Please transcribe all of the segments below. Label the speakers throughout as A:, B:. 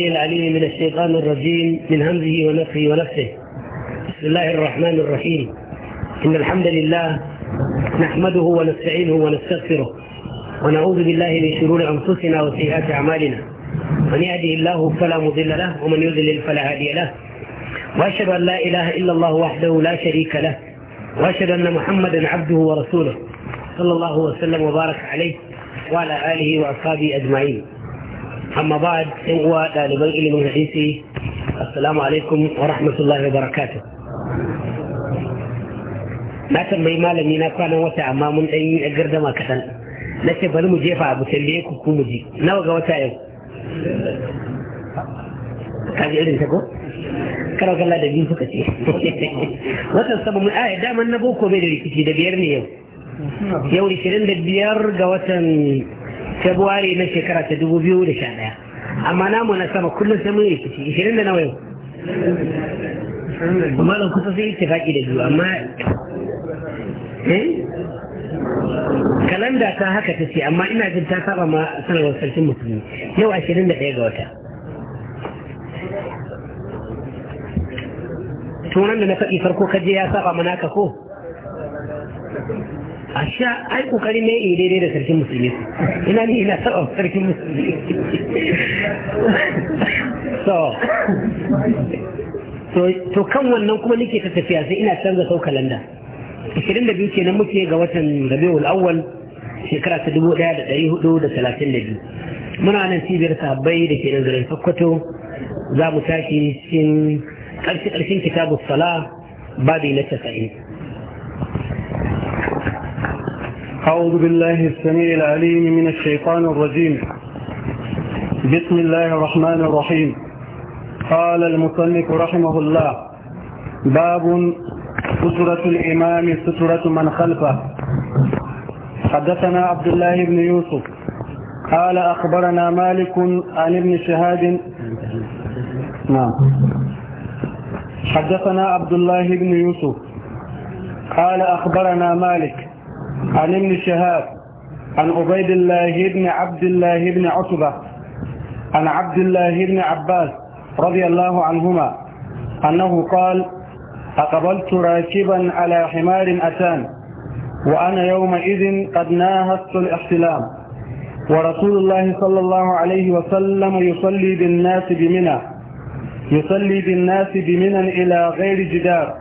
A: العليم من الشيطان الرجيم من همزه ونفه ونفسه بسم الله الرحمن الرحيم إن الحمد لله نحمده ونستعينه ونستغفره ونعوذ بالله من شرور أنفسنا وسيئات أعمالنا من يهده الله فلا مضل له ومن يضلل فلا هادي له وأشهد أن لا إله إلا الله وحده لا شريك له وأشهد أن محمدا عبده ورسوله صلى الله وسلم وبارك عليه وعلى آله وأصحابه أجمعين amma ba yan uwa ɗaliban ilimin hadisi assalamu alaikum wa rahmatullahi wa barakatuh na tambayi malami na kwanan wata amma mun ɗan yi gardama kaɗan na ce bari mu jefa abu tambaye ku ku mu ji nawa ga wata yau kaji irin ta ko karo kalla da biyu suka ce watan sama mun aya daman na boko bai da rikici da biyar ne yau yau 25 ga watan Februari na shekara ta dubu biyu da sha ɗaya, amma namu na sama kullum sai mun rikici ishirin da nawa yau malam kusa sai ittifaki da biyu amma eh? kalanda ta haka ta ce amma ina jin ta saba ma sanarwar sarkin musulmi yau da ɗaya ga wata tunan da na faɗi farko kaje ya saba mana ka ko a sha ai kokari ne in daidai da sarkin musulmi ina ni ina saba sarkin musulmi so to kan wannan kuma nake ta tafiya sai ina canza sau kalanda 22 kenan muke ga watan Rabiul Awwal shekara ta 1432 muna nan cibiyar sahabbai da ke nan fakwato, za mu tashi cikin ƙarshen kitabu sala
B: babi na 90 أعوذ بالله السميع العليم من الشيطان الرجيم بسم الله الرحمن الرحيم قال المصنف رحمه الله باب سترة الإمام سترة من خلفه حدثنا عبد الله بن يوسف قال أخبرنا مالك عن ابن شهاد نعم حدثنا عبد الله بن يوسف قال أخبرنا مالك عن ابن شهاب عن عبيد الله بن عبد الله بن عتبة عن عبد الله بن عباس رضي الله عنهما أنه قال أقبلت راكبا على حمار أتان وأنا يومئذ قد ناهزت الاحتلام ورسول الله صلى الله عليه وسلم يصلي بالناس بمنى يصلي بالناس بمنى إلى غير جدار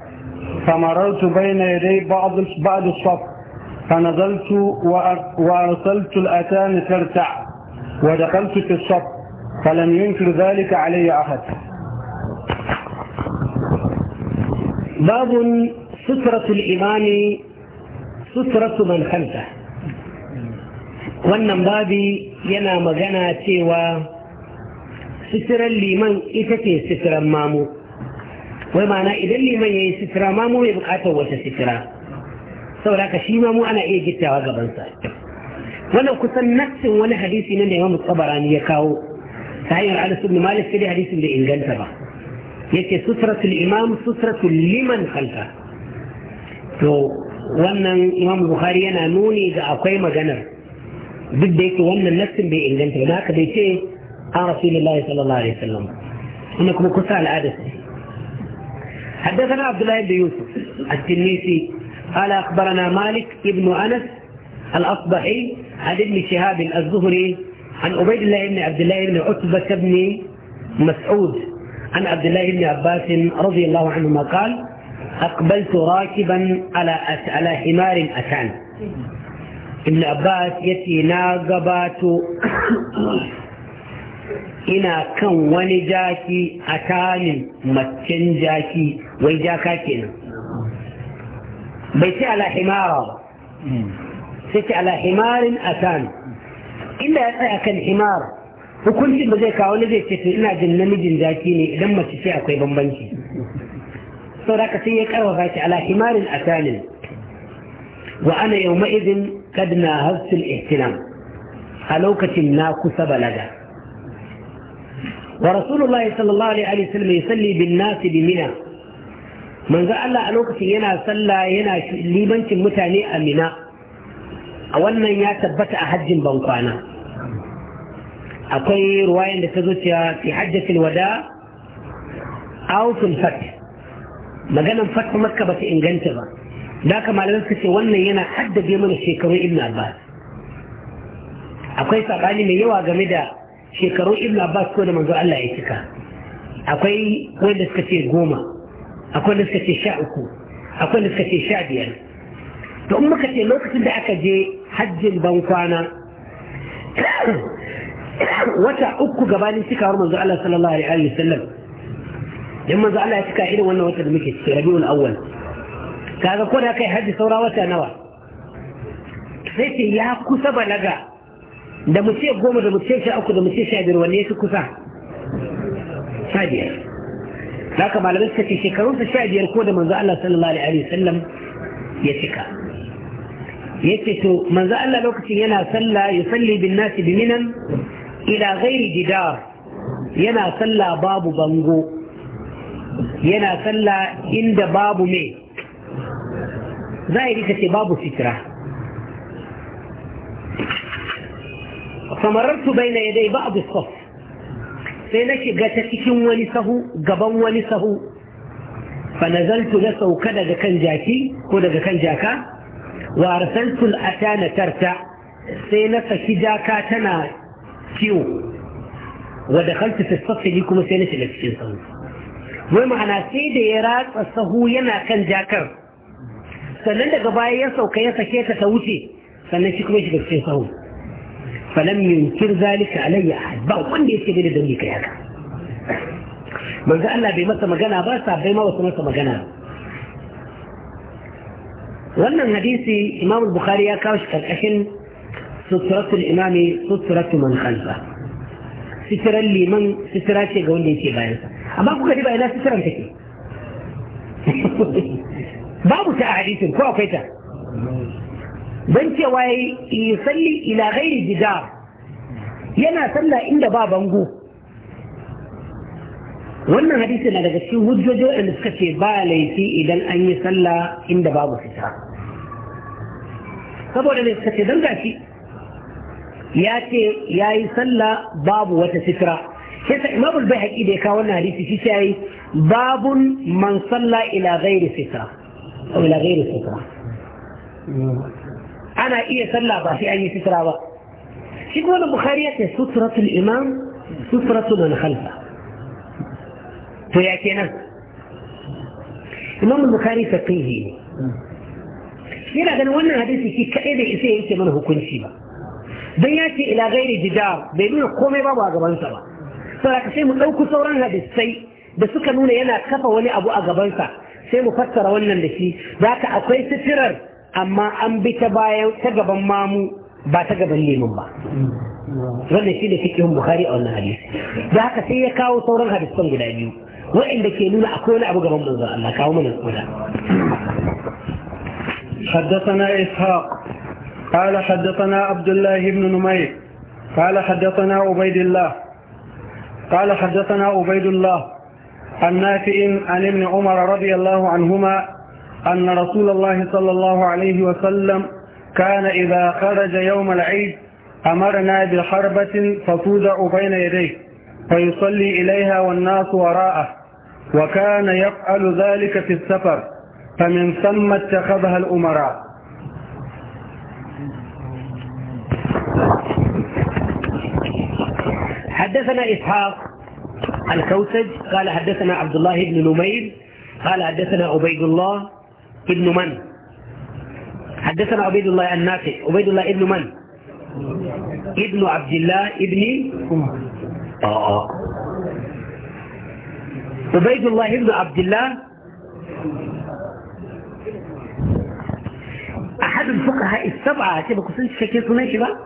B: فمررت بين يدي بعض بعض الصف فنزلت وأرسلت الأتان ترتع ودخلت في الصف فلم ينكر ذلك علي أحد باب سترة الإمام سترة من خلفه
C: wannan
A: babi yana magana cewa sitiran liman ita ce sitiran mamu wai mana idan liman ya yi sitira mamu bai bukatar wata sitira saboda ka shi ma mu ana iya gittawa gaban sa wannan kusan nassin wani hadisi ne da Imam Tabarani ya kawo ta hanyar Anas ibn Malik sai hadisin da inganta ba yace sutratul imam sutratul liman khalfa to wannan Imam Bukhari yana nuni ga akwai maganar duk da yake wannan nassin bai inganta ba haka bai ce an rasulullahi sallallahu alaihi wasallam kuma kusa al'adarsa حدثنا عبد الله بن يوسف التنيسي قال أخبرنا مالك ابن أنس الأصبحي عن ابن شهاب الزهري عن عبيد الله بن عبد الله بن عتبة بن مسعود عن عبد الله بن عباس رضي الله عنهما قال أقبلت راكبا على على حمار أتان ابن عباس يتي ناقبات إنا kan wani jaki a tanin macen بيت على حمار بيت على حمار أتان إلا أكن حمار وكل شيء بدأ كأول ذي كتير إن عند نمج ذاتيني لما تسيء أكوي بمبنشي صار كتير كأو على حمار أتان وأنا يومئذ قد ناهضت الاهتمام خلوك تمناك سبلدا ورسول الله صلى الله عليه وسلم يصلي بالناس بمنى manzo Allah a lokacin yana sallah yana libancin mutane a mina a wannan ya tabbata a hajjin kwana. akwai ruwayan da ta zuciya fi hajjatul wada aw fat maganan fat makka ba ta inganta ba da ka da suka ce wannan yana haddade mana shekaru ibn abbas akwai sabani mai yawa game da shekaru ibn abbas ko da manzo Allah ya cika akwai wanda suka ce goma akwai da suka ce sha uku akwai da suka ce sha biyar to in muka ce lokacin da aka je hajjin ban kwana wata uku gabanin cikawar manzo Allah sallallahu alaihi wa sallam dan manzo Allah ya cika irin wannan wata da muke ce Rabiul Awwal kaga ko da kai hajji saura wata nawa sai ce ya kusa balaga da mu ce goma da mu ce sha uku da mu ce sha biyar wanne ya fi kusa sha biyar da haka malamai suka ce shekarunsa sha biyar ko da manzo Allah sallallahu alaihi sallam ya cika yace to manzo Allah lokacin yana sallah salli bin nasi bi minan ila ghairi jidar yana sallah babu bango yana sallah inda babu me zahiri kace babu fitra famarartu baina yadai ba'd as-saff sai na shiga ta cikin wani sahu gaban wani sahu fa nazaltu na sauka daga kan jaki ko daga kan jaka wa arsaltu al'atana tarta sai na saki jaka tana ciwo wa dakhaltu fi safi kuma sai na shiga cikin sahu wai ma'ana sai da ya ratsa sahu yana kan jakar sannan daga baya ya sauka ya sake ta ta wuce sannan shi kuma shiga cikin sahu falam yunkir zalika alayya ba wanda yake da dangi kai haka manzo Allah bai masa magana ba sa bai ma wasu masa magana wannan hadisi Imam Bukhari ya kawo shi karkashin suturatul imami suturatu man khalfa sitiran liman sitira ce ga wanda yake bayan sa amma kuka ji ba ina sitiran take babu ta a hadisin ko akwai ta don cewa ya salli ila gairi gida yana sallah inda ba bango wannan hadisi na daga cikin hujjojo da suka ce ba laifi idan an yi sallah inda babu fita saboda da suka ce don gashi ya ce ya yi sallah babu wata sitira sai sa imamul bai haƙi da ya kawo wannan hadisi shi ya yi babun man sallah ila gairi sitira ila sitira ana iya sallah ba sai an yi sutura ba shi kuma da bukhari ya ce suturatul imam suturatul to ya kenan imam bukhari faqihi ne yana ganin wannan hadisi shi kaɗai da isa ya yake mana hukunci ba dan ya ce ila gairi jidar bai nuna komai babu a gabansa ba ka sai mu ɗauku sauran hadisai da suka nuna yana kafa wani abu a gabansa sai mu fassara wannan da shi za ka akwai sitirar amma an bi ta bayan ta gaban mamu ba ta gaban neman ba wannan shi da fiqhun bukari a wannan hadisi da haka sai ya kawo sauran hadisan guda biyu wa'inda ke nuna akwai wani abu gaban manzon Allah kawo mana guda
B: حدثنا إسحاق قال حدثنا عبد الله بن نمير قال حدثنا عبيد الله قال حدثنا عبيد الله عن نافع عن ابن عمر رضي الله عنهما أن رسول الله صلى الله عليه وسلم كان إذا خرج يوم العيد أمرنا بحربة فتوضع بين يديه فيصلي إليها والناس وراءه وكان يفعل ذلك في السفر فمن ثم اتخذها الأمراء
A: حدثنا إسحاق الكوسج قال حدثنا عبد الله بن نمير قال حدثنا عبيد الله ابن من حدثنا عبيد الله النافع عبيد الله ابن من ابن عبد الله ابن اه, آه. عبيد الله ابن عبد الله أحد الفقهاء السبعة كيف كنت شكيت هناك شباب؟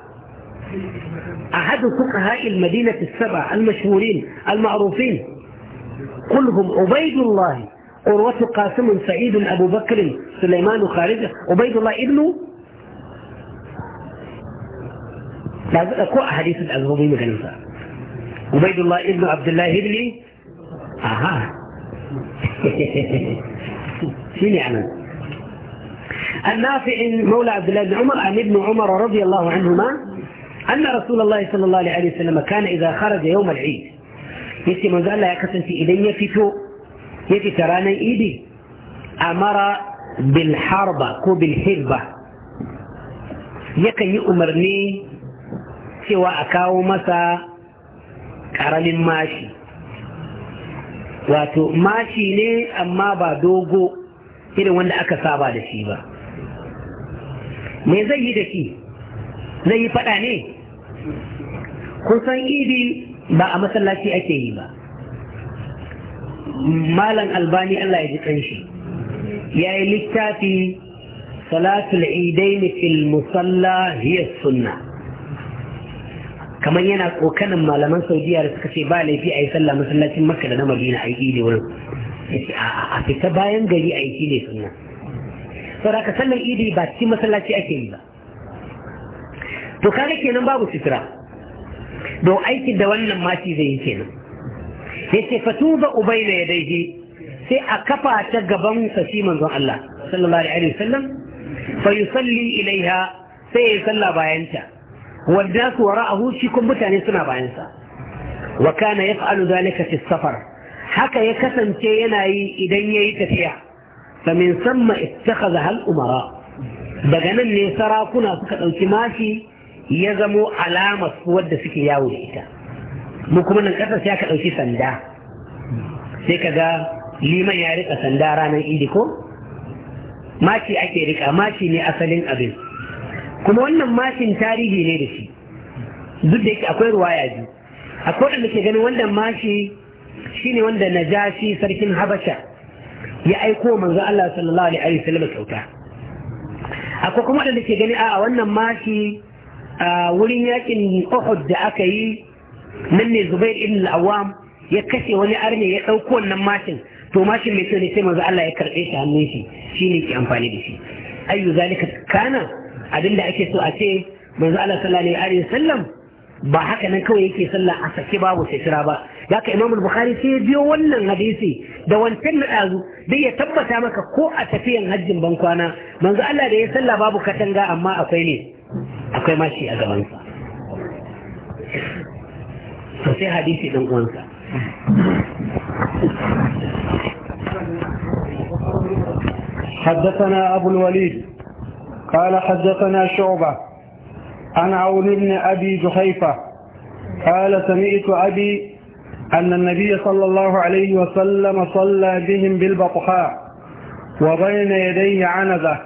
A: أحد فقهاء المدينة السبعة المشهورين المعروفين كلهم عبيد الله عروة قاسم سعيد أبو بكر سليمان خارجة عبيد الله ابنه لازم أكو أحاديث الأزهوبي مجنسة عبيد الله ابن عبد الله هدلي أها شين يعمل يعني؟ النافع مولى عبد الله بن عمر عن ابن عمر رضي الله عنهما أن رسول الله صلى الله عليه وسلم كان إذا خرج يوم العيد يسي من ذا الله يكسن في إيديه في فوق yake ta ranar idi amara mara bilharba ko bilhirba yakan yi umarni cewa a kawo masa ƙaramin mashi wato mashi ne amma ba dogo irin wanda aka saba da shi ba me zai yi da shi zai yi fada ne kun san idi ba a masallaci ake yi ba malam albani Allah ya ji kanshi ya yi littafi salatul idaini fil musalla hiya sunna kamar yana kokanin malaman saudiya da suka ce ba laifi a yi sallah masallacin makka da na madina a yi ne wurin a fita bayan gari a yi ne sunna saboda ka sallar idi ba cikin masallaci ake yi ba to kaga kenan babu sitira don aikin da wannan mati zai yi kenan yace Ubaina ubayna yadayhi sai a kafa ta gaban sa manzon Allah sallallahu alaihi wasallam fa yusalli ilaiha sai ya salla bayanta wanda su wara'ahu shi kun mutane suna bayansa wa kana yaf'alu dhalika fi safar haka ya kasance yana yi idan yayi tafiya fa min samma ittakhadha hal umara daga nan ne sarakuna suka dauki mashi ya zamo alamar wadda suke yawo da ita mu kuma nan ƙasar sai ka ɗauki sanda sai ka ga liman ya rika sanda ranar idi ko maci ake rika maci ne asalin abin kuma wannan macin tarihi ne da shi duk da yake akwai ruwaya ji akwai wanda ke ganin wannan maci shine wanda najashi sarkin habasha ya aiko manzo Allah sallallahu alaihi wasallam kyauta akwai kuma wanda ke gani a wannan maci wurin yakin Uhud da aka yi nan ne zubair ibn al-awam ya kashe wani arne ya dauko wannan mashin to mashin mai kyau ne sai manzo Allah ya karɓe shi hannun shi shine ke amfani da shi ayu zalika kana abinda ake so a ce manzo Allah sallallahu alaihi sallam ba haka nan kawai yake sallah a sake babu sitira ba haka Imam Bukhari sai biyo wannan hadisi da wancan na dazu dai ya tabbata maka ko a tafiyan hajjin ban kwana manzo Allah da ya sallah babu katanga amma akwai ne akwai mashi a gaban sa
B: حدثنا أبو الوليد قال حدثنا شعبة عن عون بن أبي جحيفة قال سمعت أبي أن النبي صلى الله عليه وسلم صلى بهم بالبطحاء وبين يديه عنزة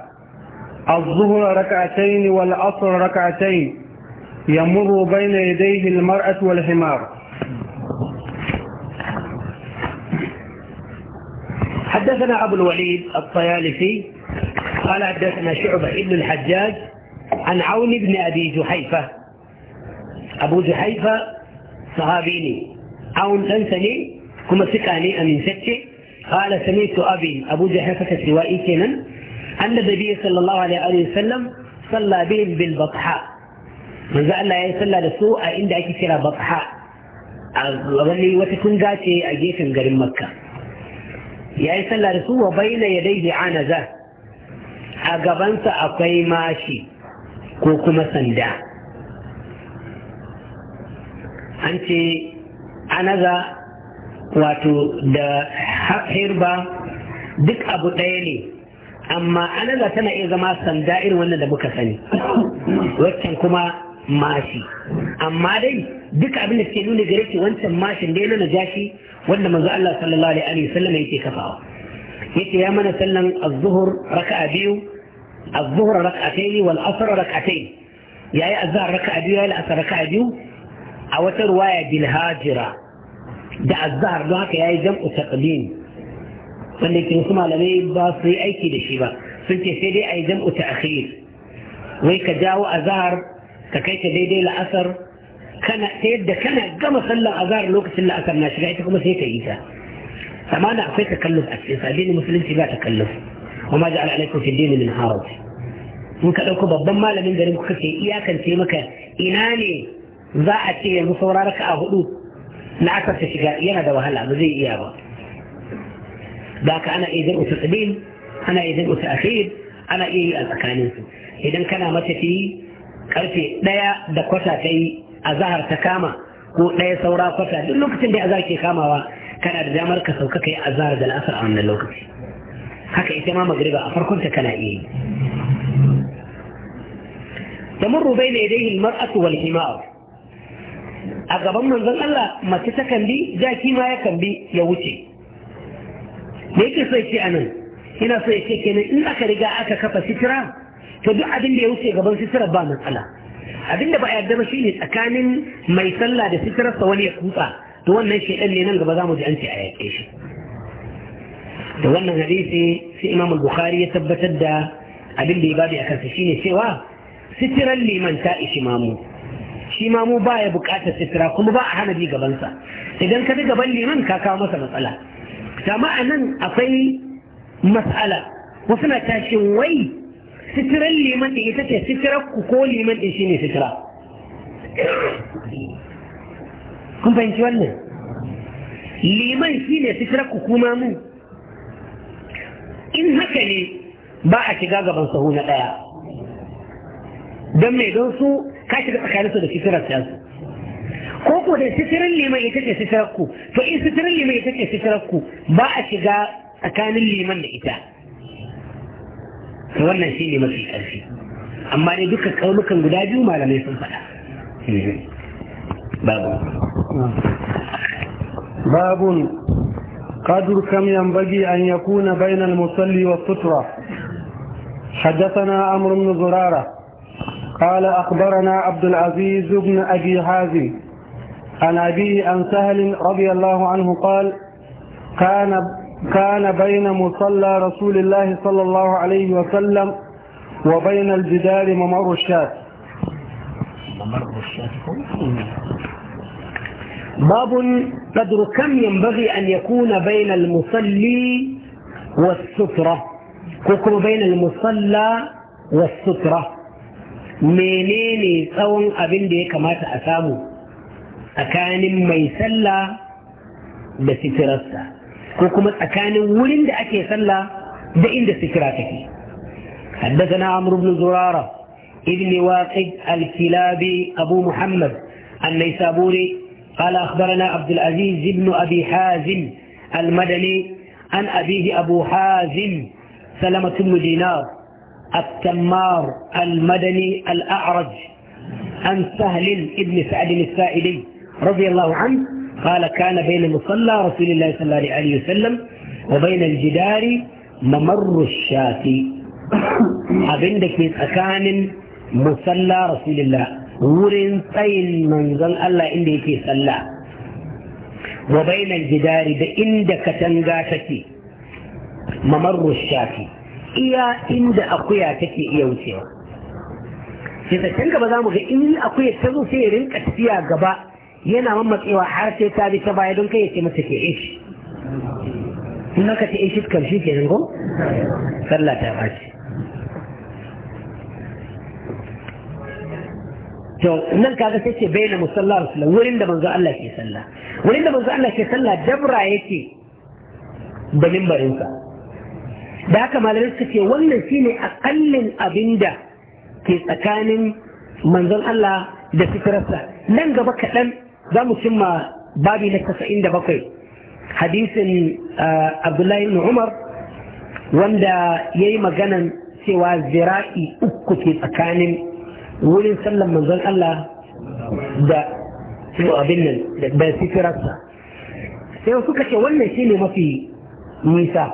B: الظهر ركعتين والعصر ركعتين يمر بين يديه المرأة والحمار
A: حدثنا أبو الوليد الطيالسي قال حدثنا شعبة ابن الحجاج عن عون بن أبي جحيفة أبو جحيفة صحابيني عون أنسني كما سكاني أمين ستي قال سمعت أبي أبو جحيفة سوائي كنا أن النبي صلى الله عليه وسلم صلى بهم بالبطحاء manzo Allah ya yi sallah da su a inda ake kira baqha a wani wata kunga ce a gefen garin Makka ya yi sallah da su wa baina yadayhi anaza a gabansa akwai mashi ko kuma sanda an ce anaza wato da hirba duk abu ɗaya ne amma anaza tana iya zama sanda irin wannan da muka sani waccan kuma mashi amma dai duka abin da suke nuna gare shi wancan mashin da ya nuna jashi wanda manzo Allah sallallahu alaihi wa wasallam yake kafawa yace ya mana sallan az-zuhr raka'a biyu az-zuhr raka'atayn wal asr raka'atayn yayi azhar raka'a biyu yayi asr raka'a biyu a wata ruwaya bil hajira da azhar don haka yayi jam'u taqdim wanda ke wasu malamai ba su yi aiki da shi ba sun ce sai dai a ayi jam'u ta'khir wai ka jawo azhar ka kai ta daidai la'asar kana ta yadda kana gama sallar azhar lokacin la'asar na shiga ita kuma sai ka yi ta amma da akwai takalluf a cikin addinin musulunci ba takalluf wa ma ja'ala alaikum fi dini min haraj in ka dauko babban malamin garin kuka ce iyakance maka ina ne za a ce yanzu saura raka'a hudu na asar ta shiga yana da wahala ba zai iya ba da ka ana iya jam'u tasbih ana iya jam'u ta'khir ana iya yi a tsakaninsu idan kana matafiyi karfe ɗaya da kwata ta yi a zahar ta kama ko ɗaya saura kwata duk lokacin da azhar ke kamawa kana da damar ka sauka kai zahar da la'asar a wannan lokaci haka ita ma magriba a farkon ta kana iya yi murru bai yadayhi al hilmar wal himar a gaban manzon Allah mace ta kan bi jaki ma ya kan bi ya wuce me yake so ya ce anan ina so ya ce kenan in aka riga aka kafa sitira to duk abin da ya wuce gaban sitirar ba matsala abin da ba a yarda ba shine tsakanin mai sallah da sa wani ya kutsa to wannan shedan ne nan gaba za mu ji an ce a yake shi da wannan hadisi sai imam al-bukhari ya tabbatar da abin da ya babu a sa shine cewa sitirar liman ta ishi mamu shi mamu ba ya bukatar sitira kuma ba a hana bi gabansa idan ka bi gaban liman ka kawo masa matsala amma a nan akwai matsala wasu na tashin wai sitirar liman ɗin ita ce sitirar ku ko liman ɗin shine sitira kun fahimci wannan liman shine sitirar ku kuma mu in haka ne ba a shiga gaban sahu na ɗaya don mai don su ka shiga tsakanin su da sitirar su ko ko da sitirar liman ita ce sitirar ku to in sitirar liman ita ce sitirar ku ba a shiga tsakanin liman da ita wannan shi ne mafi ƙarfi amma ne duka kaunukan guda biyu malamai sun faɗa
B: babu babun قدر كم ينبغي أن يكون بين المصلي والسترة حدثنا عمرو بن زرارة قال أخبرنا عبد العزيز بن أبي حازم عن أبي عن سهل رضي الله عنه قال كان كان بين مصلى رسول الله صلى الله عليه وسلم وبين الجدار ممر الشاة
C: ممر الشاة
B: باب قدر كم
A: ينبغي أن يكون بين المصلي والسترة كوكو بين المصلى والسترة منيني tsawon أبن ديك ما kamata أكان ميسلى tsakanin mai ko kuma tsakanin wurin da ake sallah da inda sikira take حدثنا عمرو بن زرارة ابن واقد الكلابي أبو محمد النيسابوري قال أخبرنا عبد العزيز بن أبي حازم المدني عن أبيه أبو حازم سلمة بن دينار التمار المدني الأعرج عن سهل بن سعد السائلي رضي الله عنه قال كان بين مصلى رسول الله صلى الله عليه وسلم وبين الجدار ممر الشاة abinda ke tsakanin musalla rasulillah wurin tsayin manzon Allah inda yake sallah wa bainal jidari da inda katanga take mamarru shafi iya inda akuya take iya wucewa sai ta ba za mu ga in akuya ta zo sai rinka tafiya gaba yana mamatsewa har sai ta bi ta baya don kai ya ce masa ke ishi in ka ce ishi karshe ke nan ko sallah ta bace to nan kaga sai ce bayyana musalla rasulullah wurin da manzo Allah ke sallah wurin da manzo Allah ke sallah dabra yake da mimbarinsa da haka malamai suka ce wannan shine akallin abinda ke tsakanin manzon Allah da fitrarsa nan gaba kaɗan za mu cimma babi na tasa'in da bakwai hadisin uh, abdullahi ibn umar wanda ya yi maganan cewa zira'i uku ke tsakanin wurin sallan manzon Allah da abin nan da bai sifirarsa sai suka ce wannan shi ne mafi nisa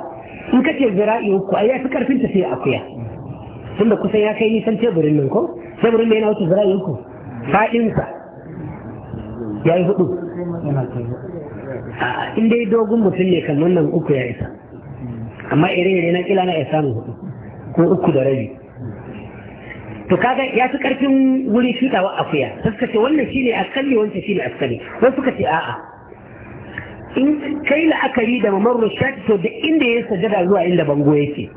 A: in ka ce zira'i uku a yafi karfin ta sai akuya Tun da kusan ya kai nisan teburin nan ko teburin da yana wata zira'i uku fa'insa ya yi hudu in dai dogon mutum ne kan wannan uku ya isa amma ire-ire na kila na ya samu hudu
D: ko uku da rabi
A: to kaga ya fi karfin wuri shutawa akuya sai suka ce wannan shine askali wancan shine akalli wasu suka ce a'a in kai la'akari da mamarru shati to da inda ya sajada zuwa inda bango yake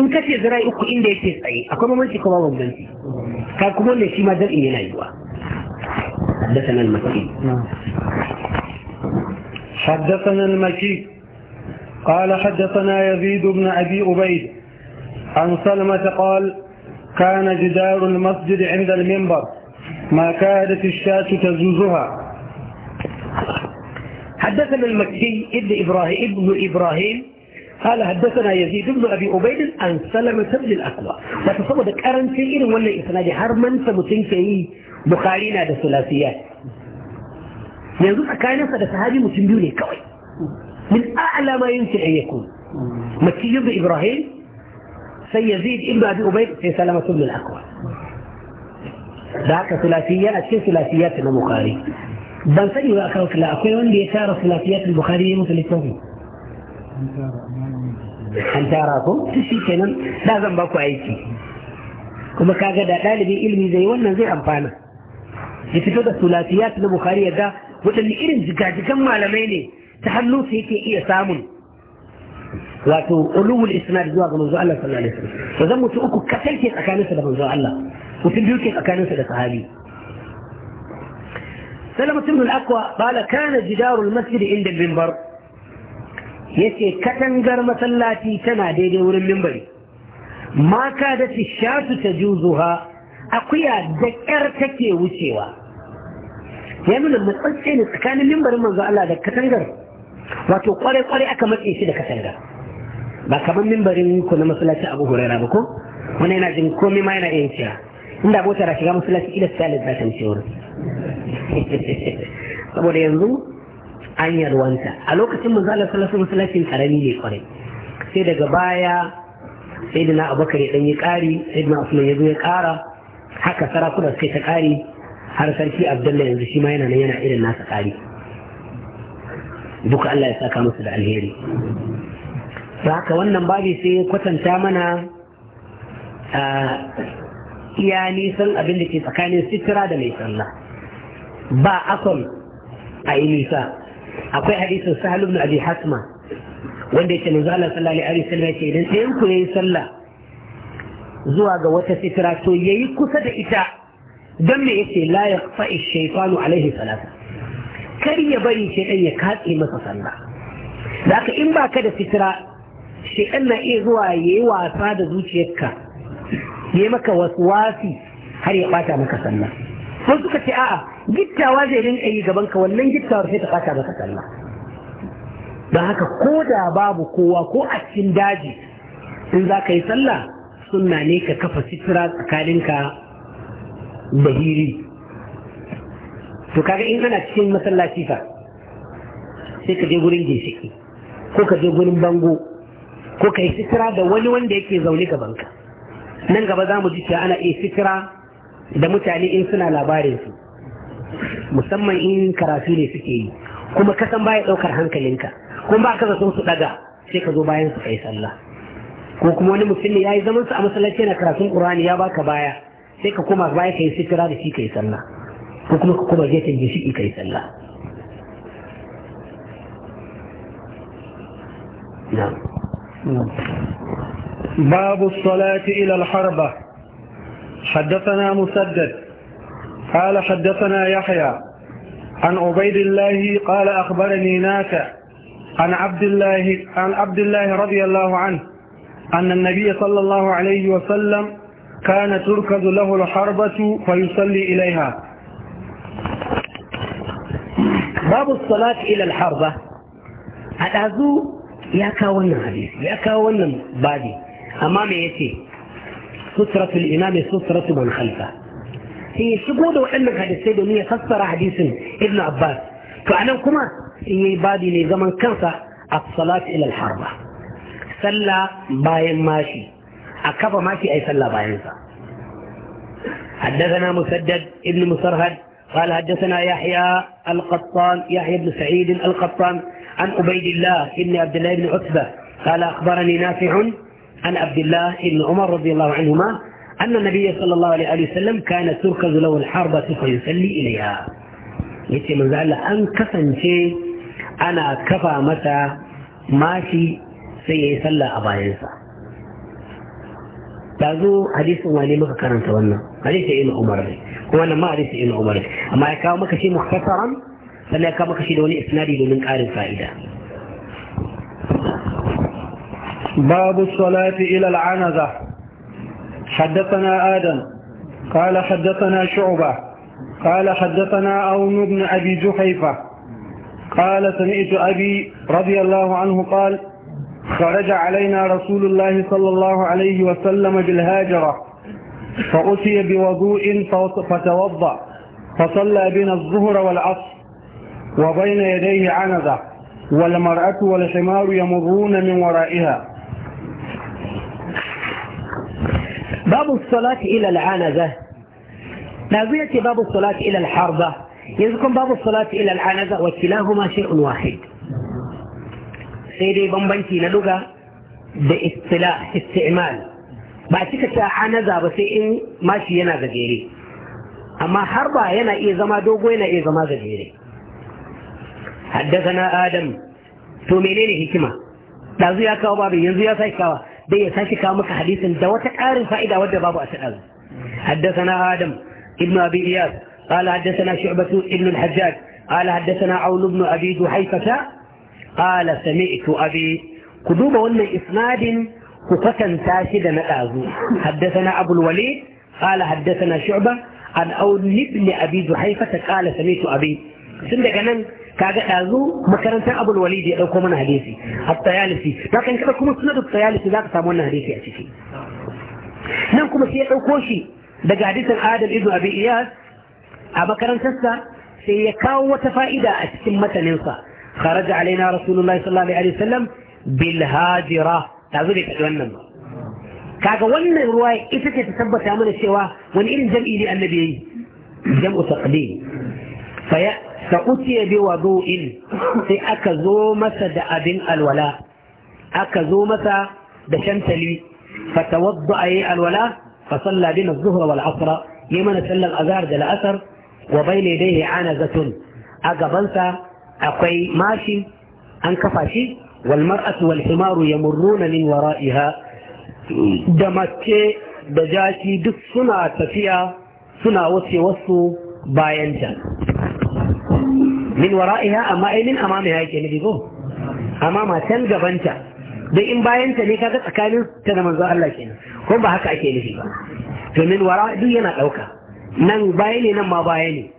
A: in ka ce zira'i uku inda yake tsaye akwai mamanci kuma bambanci ka kuma wannan shi ma in yana yiwa حدثنا المكي
B: حدثنا المكي قال حدثنا يزيد بن أبي أبيد عن سلمة قال كان جدار المسجد عند المنبر ما كادت الشاة تزوزها حدثنا
A: المكي ابن إبراهيم, ابن إبراهيم قال حدثنا يزيد بن ابي عبيد عن سلمه بن الاقوى فتصور دك ارن في ان ولا اسناد هرمن فمتين في إيه؟ بخاري نا ده ثلاثيات يعني كان هذا صحابي متين بيو كوي من اعلى ما يمكن ان يكون مكي بن ابراهيم سيزيد بن ابي عبيد في سلمه بن الاقوى ذاك ثلاثيات اشي ثلاثيات من البخاري بل سيدي اخوك لا اخوي وين بيشار ثلاثيات البخاري مثل التوفيق an tara ko shi kenan da zan ba ku aiki kuma kaga da ɗalibin ilimi zai wannan zai amfana ya fito da sulasiyat na bukhari ya ga waɗanne irin jigajigan malamai ne ta hannu su yake iya samun wato ulumul isnad zuwa ga manzo Allah sallallahu alaihi wasallam to zan mutu uku kasai ke tsakaninsa da manzo Allah mutum biyu ke tsakaninsa da sahabi سلمة بن الأقوى قال كان جدار المسجد عند المنبر yace katangar masallaci tana daidai wurin mimbari maka da da shatu ta juzuha akuya da ƙyar take wucewa ya nuna matsatse ne tsakanin mimbarin manzo Allah da katangar wato kware-kware aka matse shi da katangar ba kamar mimbarin ku na masallaci abu huraira ba ko wani yana jin komai ma yana yin cewa inda abota na shiga masallaci ila salis da ta wuce wurin saboda yanzu an wanta a lokacin manzo Allah sallallahu karami ne kwarai sai daga baya sai da na abubakar ya dan yi kari sai da usman ya zo ya kara haka sarakuna sai ta kari har sarki abdullahi yanzu shi ma yana nan yana irin nasa kari duka Allah ya saka musu da alheri haka wannan babi sai ya kwatanta mana iya nisan abin da ke tsakanin sitira da mai sallah ba akon a yi nisa akwai hadisin sahal na abi hasma wanda yake manzo Allah sallallahu alaihi wasallam yake idan ɗayan ku yayi sallah zuwa ga wata sitira to yayi kusa da ita don me yace la yaqfa ash-shaytanu alaihi salata kar ya bari shaytan ya katse masa sallah zaka in baka da sitira shaytan na iya zuwa yayi wasa da zuciyarka yayi maka waswasi har ya bata maka sallah sai suka ce a'a gittawa zai rinka yi gaban ka wannan gittawar sai ta kata maka sallah don haka ko da babu kowa ko a cikin daji in za ka yi sallah sunna ne ka kafa sitira tsakaninka da hiri to kaga in ana cikin masallaci fa sai ka je gurin ginshiki ko ka je gurin bango ko ka yi sitira da wani wanda yake zaune gabanka nan gaba za mu ji ana iya sitira da mutane in suna labarin su musamman in karatu ne suke yi kuma ka san baya ɗaukar hankalinka kuma ba ka zaton su daga sai ka zo bayan su kai sallah ko kuma wani mutum ya yi zaman su a masallaci yana karatun ƙur'ani ya baka baya sai ka koma baya ka yi sitira da shi ka yi sallah ko kuma ka koma gefen gishi ka yi sallah
B: باب الصلاة إلى الحربة حدثنا مسدد قال حدثنا يحيى عن عبيد الله قال أخبرني نافع عن عبد الله عن عبد الله رضي الله عنه أن النبي صلى الله عليه وسلم كان تركز له الحربة فيصلي إليها باب الصلاة إلى الحربة
A: هذا يا كاونا حديث يا كاونا بادي أمامي يتي سترة الإمام سترة من خلفه إيه، في سجود وعلم هذه السيدة ومية فسر حديث ابن عباس فأنا كما إيه بادي لزمن كنسة الصلاة إلى الحربة سلى باين ماشي أكفى ماشي أي سلى باين حدثنا مسدد ابن مسرهد قال حدثنا يحيى القطان يحيى بن سعيد القطان عن أبيد الله ابن عبد الله بن عتبة قال أخبرني نافع عن عبد الله بن عمر رضي الله عنهما أن النبي صلى الله عليه وسلم كان تركز له الحربة فيصلي إليها يتي من ذلك أن كفن شيء أنا كفى متى ماشي سيصلى أبا ينسى تازو حديث ما لي مكرن تونا حديث ابن عمر لي هو أنا ما حديث ابن عمر أما يكاو مكشي مختصرا فلا يكاو مكشي دوني إسنادي دون إنكار الفائدة
B: باب الصلاة إلى العنزة حدثنا آدم قال حدثنا شعبة قال حدثنا أون بن أبي جحيفة قال سمعت أبي رضي الله عنه قال خرج علينا رسول الله صلى الله عليه وسلم بالهاجرة فأتي بوضوء فتوضأ فصلى بنا الظهر والعصر وبين يديه عنزة والمرأة والحمار يمرون من ورائها باب الصلاة إلى العنزة نازية باب
A: الصلاة إلى الحربة ل يذكر باب الصلاة إلى العنزة وكلاهما شيء واحد سيدي بمبنتي ل ل استعمال بعد ك ت ع ا ن ز ة بس ان ماشي ينا زجيري أ م ا ح ما دوب وينا إ ما زجيري حدثنا آدم د م تؤمنين ه ك م ة لا dai ya sake kawo maka hadisin da wata ƙarin fa'ida wadda babu a tsada حدثنا آدم ابن أبي إياس قال حدثنا شعبة ابن الحجاج قال حدثنا عون بن أبي جحيفة قال سمعت أبي كذوب وأن إسناد كفتا تاشدا نتازو حدثنا أبو الوليد قال حدثنا شعبة عن أول ابن أبي جحيفة قال سمعت أبي sun daga nan kaga ɗazu makarantar abul walidi ya ɗauko mana hadisi a tsayalisi za ka yi kaɗa kuma suna da tsayalisi za ka samu wannan hadisi a ciki nan kuma sai ya ɗauko shi daga hadisin adal izu abi iyas a makarantarsa sai ya kawo wata fa'ida a cikin mataninsa خرج علينا رسول الله صلى الله عليه وسلم بالهاجرة تعزو لك wannan ba kaga wannan ruwa ita ce ta tabbata mana cewa wani irin jam'i ne annabi yayi jam'u taqdim fa da utiya bi wudu'in sai aka zo masa da abin alwala aka zo masa da shantali fa ayi alwala fa salla bina zuhra wal asra yamana sallan azhar da al'asr wa bayna yadayhi anazatun a gabansa akwai mashi an kafa shi wal mar'atu wal himaru yamurruna min wara'iha da mace da jaki duk suna tafiya suna wuce wasu bayanta min wara'iha amma ai min amamiha yake nufi ko amma matan gabanta da in bayanta ne kaga tsakanin ta da manzo Allah kenan ko ba haka ake nufi ba to min wara'i duk yana dauka nan bayani ne nan ma bayani.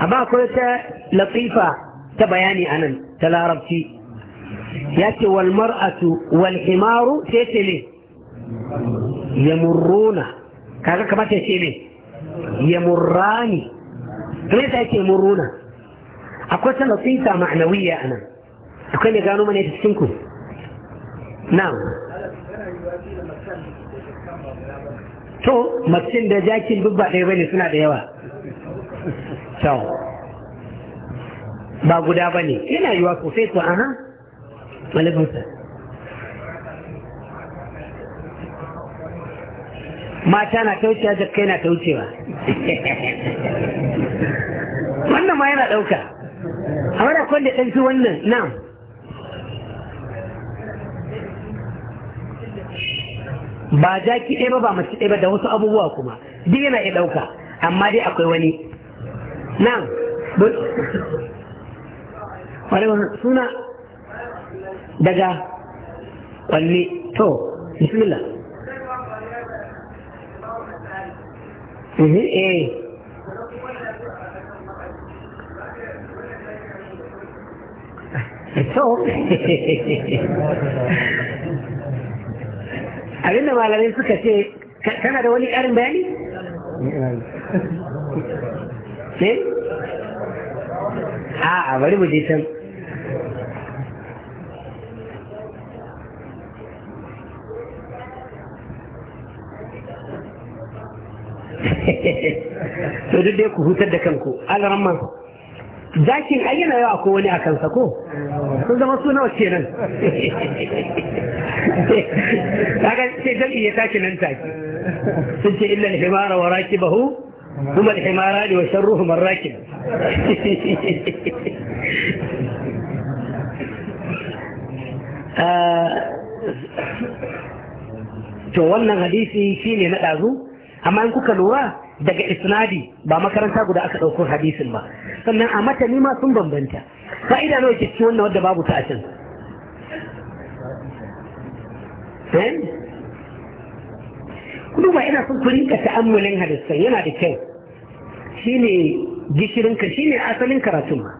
A: amma akwai ta latifa ta bayani anan ta larabci ya ce wal mar'atu wal himaru sai yamurruna kaga kamar sai ce ne yamurrani don yasa yake muruna akwai ta nasita ma'anawiya a nan akwai ne gano mana ita cikin ku na'am to macin da jakin dubba ɗaya bane suna da yawa to ba guda bane yana yiwa sosai to aha malakunsa mata na kaucewa jakkai na kaucewa
C: wannan ma
A: yana ɗauka a wadda kwanda ɗansu wannan na
C: ba jaki ɗaya
A: ba ba mace ɗaya ba da wasu abubuwa kuma duk yana iya ɗauka amma dai akwai wani na suna daga kwalle to bismillah Eh, eh. abinda malamai suka ce kana da wani ƙarin bayani? ne? Eh? a bari mu je can to duk dai ku hutar da kanku alaramma zakin ayyana yana yawa ko wani a kansa ko sun zama su nawa kenan kaga ce dal'i ya tashi nan take sun ce illa alhimara himara wa bahu kuma alhimara himara wa sharruhuma ar raki ah, to wannan hadisi shine na ɗazu amma in kuka lura daga isnadi ba makaranta guda aka ɗaukar hadisin ba sannan a matani ma sun bambanta fa'ida nawa ke cikin wannan wadda babu ta a can eh? kuma ba ina son ku ta'ammulin hadisai yana da kyau shine gishirinka shine asalin karatun ma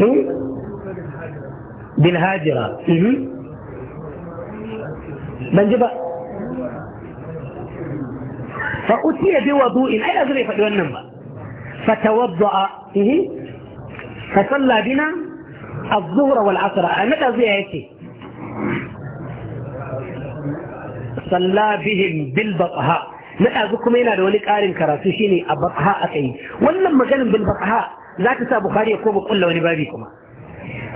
C: hmm?
D: bilhajira hmm?
C: ban ji ba فأتي بوضوء أي أذري فأنم
A: فتوضأ إيه فصلى بنا الظهر والعصر متى أذري هيك؟ صلى بهم بالبطهاء لا أذكم هنا لولي كارين كراسيشيني البطهاء أكي ولما قلن بالبطهاء لا تسا بخاري يقوم قل لوني بابيكما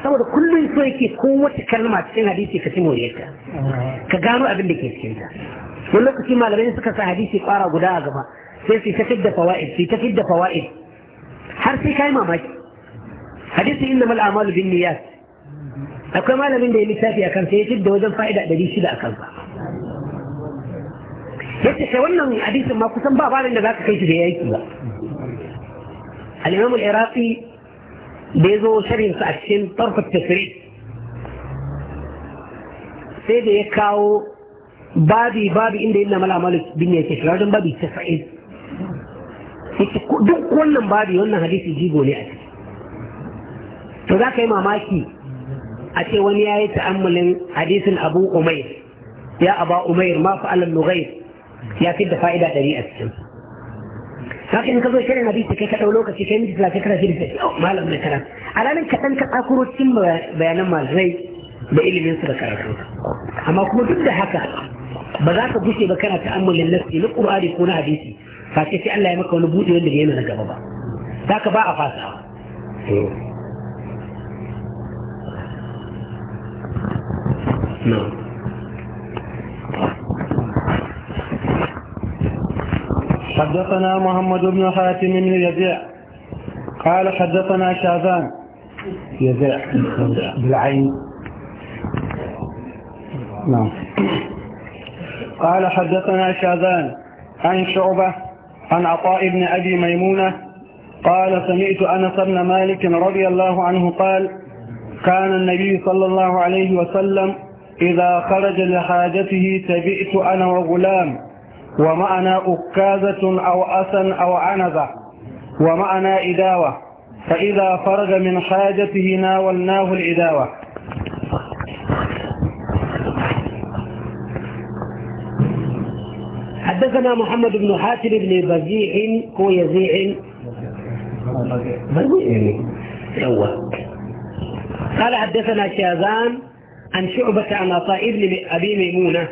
A: saboda kullum so yake ko wata kalma cikin hadisi ka ci moriyarta ka gano abin da ke cikin ta wani lokaci malamai suka sa hadisi kwara guda a gaba sai su tafi da fawaid su tafi da fawaid har sai kai mamaki hadisi inna mal amalu bin niyyat akwai malamin da ya littafi akan sai ya fidda wajen fa'ida ɗari shida akan sa yace sai wannan hadisin ma kusan ba barin da zaka kai shi da yaki ba al-imam al-iraqi da ya zo sharhinsa a cikin tarfa tasiri sai da ya kawo babi babi inda yin namala malus bin yake ke wajen babi tasa'in duk wannan babi wannan hadisi jigo ne a ciki to za ka yi mamaki a ce wani ya yi ta'ammalin hadisin abu umair ya aba umair ma fa'alan lughayr ya fi da fa'ida ɗari a cikin kafin in ka zo shirin hadisi kai ka ɗau lokaci kai miji talatin kana shirin sai oh, malam mai karatu a ranar kaɗan ka tsakuro cikin bayanan malamai da ilimin su da karatu amma kuma duk da haka ba za ka gushe ba kana ta'ammulin nafsi na qur'ani ko na hadisi fa sai sai Allah ya maka wani buɗe wanda bai yana na gaba ba zaka ba a fasawa
C: hmm. No.
B: حدثنا محمد بن حاتم بن يزيع قال حدثنا شعبان يزيع بالعين نعم قال حدثنا شاذان عن شعبة عن عطاء بن أبي ميمونة قال سمعت أنس بن مالك رضي الله عنه قال كان النبي صلى الله عليه وسلم إذا خرج لحاجته تبئت أنا وغلام ومعنى أكازة أو أسا أو عنزة ومعنى إداوة فإذا فرج من حاجته ناولناه الإداوة
A: حدثنا محمد بن حاتم بن بزيع هو يزيع يعني قال حدثنا شاذان عن شعبة عن عطاء بن أبي ميمونة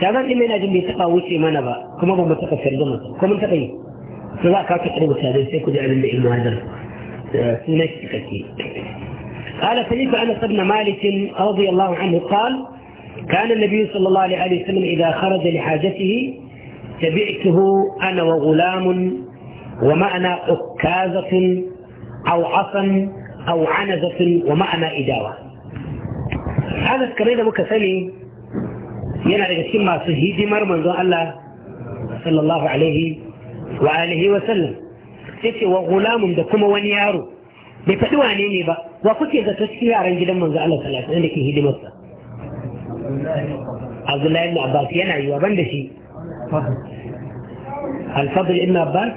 A: shazan din yana jin taɓa wuce mana ba kuma ba mu taɓa tarjuma ko mun taɓa yi to za ka kawo da sai ku ji abin da ilmu hadar sunan kake قال سليف انس بن مالك رضي الله عنه قال كان النبي صلى الله عليه وسلم اذا خرج لحاجته تبعته انا وغلام ومعنى عكازه او عصا او عنزه ومعنى اداوه هذا كريدة مكسلي yana daga cikin masu hidimar manzo Allah sallallahu alaihi wa alihi wa sallam yace wa gulamun da kuma wani yaro bai faɗi wane ne ba wa kuke zato cikin yaran gidan manzo Allah sallallahu alaihi da ke hidimar sa Abdullahi ibn Abbas yana yiwa ban da shi Al-Fadl ibn Abbas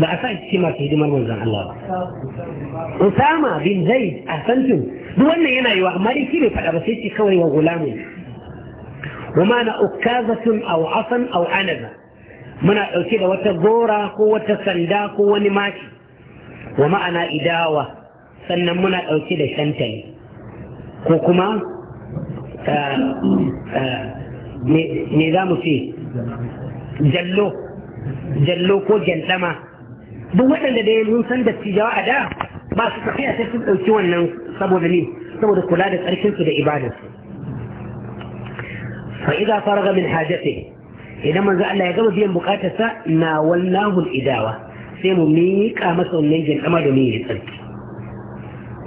A: ba a sa cikin masu hidimar manzon Allah ba Usama bin Zaid a santin duk wannan yana yiwa amma dai shi bai faɗa ba sai ce kawai wa gulamun ومعنى أكازة أو عصا أو عنزة muna ɗauke da wata gora ko wata sanda ko wani maki wa ma'ana idawa sannan muna ɗauke da shantali ko kuma me za mu ce jallo jallo ko jandama duk waɗanda da mun san da a da ba su tafiya sai sun wannan saboda ne saboda kula da tsarkinsu da ibadarsu فإذا فرغ من حاجته إذا من زعل يقوم جماعة بيان بقاتسا ناولناه الإداوة سيمو ميك أمس ونيجن أما دميه تلك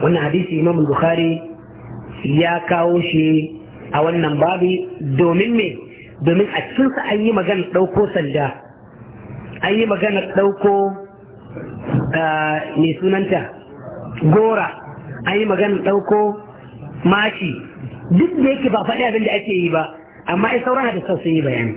A: وأن حديث إمام البخاري يا كاوشي أو النبابي دومين مي domin a cikinsa an yi magana ɗauko sanda an yi magana ɗauko mai sunanta gora an yi magana ɗauko mashi duk da yake ba faɗi abin da ake yi ba أما ai sauran hadisan sun yi bayani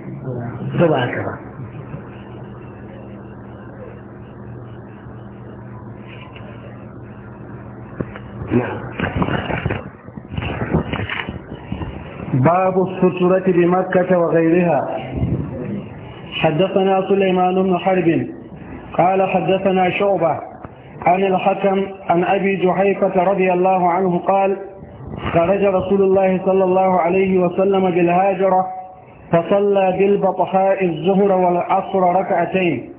C: باب
B: السترة بمكة وغيرها حدثنا سليمان بن حرب قال حدثنا شعبة عن الحكم عن أبي جحيفة رضي الله عنه قال خرج رسول الله صلى الله عليه وسلم بالهاجرة فصلى بالبطحاء الزهر والعصر ركعتين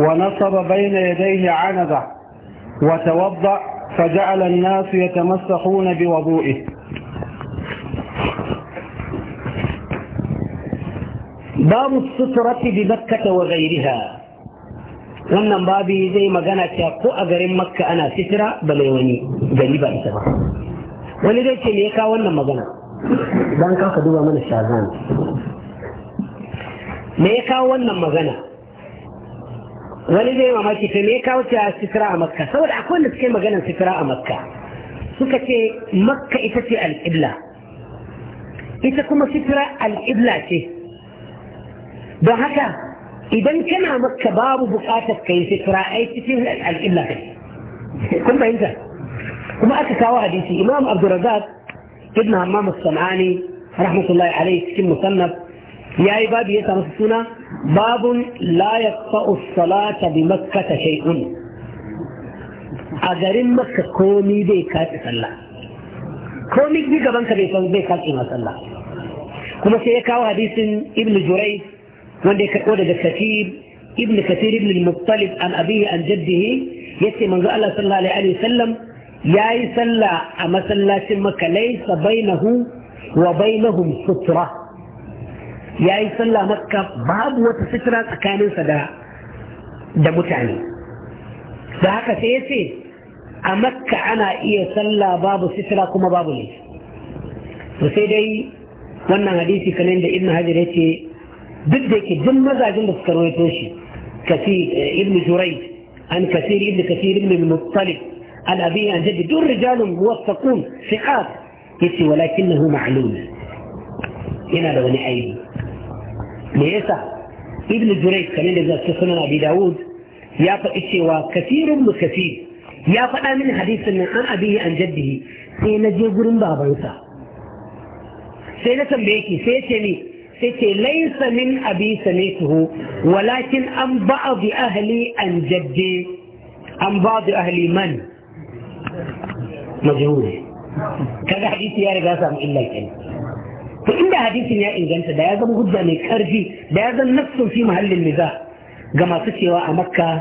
B: ونصب بين يديه عنبة وتوضأ فجعل الناس يتمسخون بوضوئه باب السترة بمكة وغيرها
A: wannan بابي زي ما cewa ko a garin مكة انا سترة ba mai wani gari wani zai ce me ya kawo wannan magana dan ka ka duba mana shazan me ya kawo wannan magana wani zai mamaki ce me ya kawo ta sitira a makka saboda akwai wanda suke maganar sitira a makka suka ce makka ita ce alƙibla ita kuma sitira alƙibla ce don haka idan kana makka babu bukatar kai yi ai cikin alƙibla kai kun fahimta kuma aka kawo hadisi imam abdurrazak ibn hammam as-sam'ani rahmatullahi alaihi cikin musannaf yayi babu ya samu suna babun la yaqta'u as-salata bi makkah shay'un a garin makka komi bai kaci sallah komi bi gaban ka bai bai kaci ma sallah kuma sai ya kawo hadisin ibn jurai wanda ya karɓo daga katir ibn katir ibn al-muttalib an abihi an jaddihi yace manzo Allah sallallahu alaihi wasallam ya yi sallah a masallacin maka laisa bainahu wa bainahu sutura ya yi sallah makka babu wata sutura tsakaninsa da da mutane da haka sai ya ce a makka ana iya sallah babu sutura kuma babu ne to sai dai wannan hadisi kanin da ibn hajar ya ce duk da yake duk mazajin da suka rawaito shi kasi eh, ibn jurai an kasir ibn kasir ibn muttalib عن أبيه عن جده دول رجال موثقون ثقات يتي ولكنه معلول هنا لو نحيي ليس ابن جريج كان إذا سنن أبي داود يا فإتي وكثير من كثير يا آه فأنا من حديث من عن أبيه عن جده سينا جيبرن بابنسا سينا تنبيكي سيتني سيتي ليس من أبي سميته ولكن عن بعض أهلي عن جدي عن بعض أهلي من مجهولة كذا حديث يا رجاسة إلا الكلمة فإن ده حديث يا إنجانسة ده يزم غدى من كارفي ده يزم نفسه في محل النزاع كما ستي واء مكة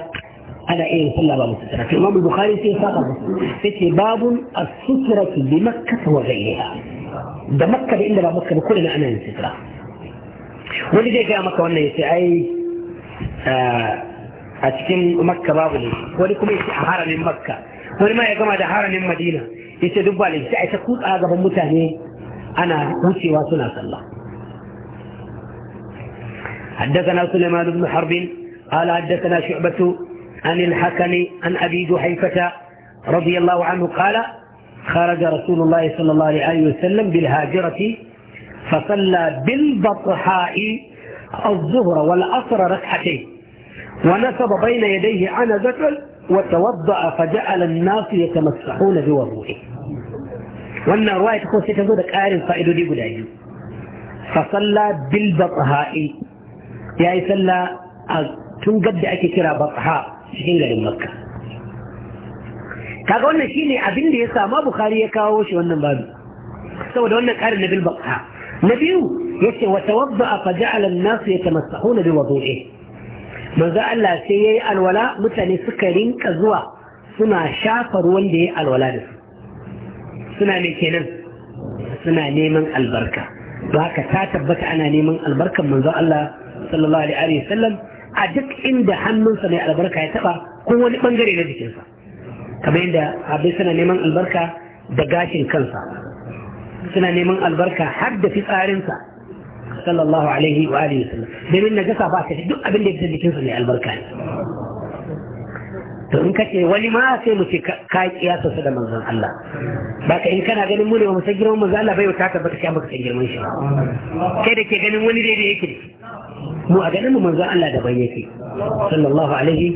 A: على إيه صلى باب السترة في إمام البخاري سي فقط ستي باب السترة لمكة وغيرها دا مكة لإن باب مكة بكل معنى السترة ولي جاي كيا مكة وانا يسي أي آه أتكين مكة باب لي ولكم يسي أهارة من مكة wani ma ya gama da haramin madina ya ce duk balin sai ta kutsa gaban mutane ana wucewa suna sallah حدثنا سليمان بن حرب قال حدثنا شعبة عن الحكم عن أبي جحيفة رضي الله عنه قال خرج رسول الله صلى الله عليه وسلم بالهاجرة فصلى بالبطحاء الظهر والعصر ركعتين ونصب بين يديه عنزة وتوضا فجعل الناس يتمسحون بوضوئه وانا رايت خو سيتا آية زودا قارن فائدو دي غدا يو فصلى بالبطحاء يا يصلى إيه آه، تون غد اكي كرا بطحاء شين غد مكه كاغ وانا شيني ابين دي ما بخاري يكاو شي وانا باب سو ده آية وانا قارن نبي البطحاء نبيو يسي وتوضع فجعل الناس يتمسحون بوضوئه manzo Allah sai yayi alwala mutane suka rinka zuwa suna shafa ruwan da yayi alwala da su suna ne kenan suna neman albarka don haka ta tabbata ana neman albarkan manzo Allah sallallahu alaihi Wasallam a duk inda hannunsa mai albarka ya taba ko wani bangare na jikinsa kamar yadda abai suna neman albarka da gashin kansa suna neman albarka har da fitsarinsa sallallahu alaihi wa alihi wasallam domin na gasa ba ta duk abin da yake jikin su ne albarka ne. to in ka ce wani ma sai mu ce ka kiyasa su da manzon Allah ba ka in kana ganin mu ne mu san girman manzon Allah bai wuta ka ba ka kiyama ka girman shi kai da ke ganin wani daidai yake mu a ganin mu manzon Allah daban yake sallallahu alaihi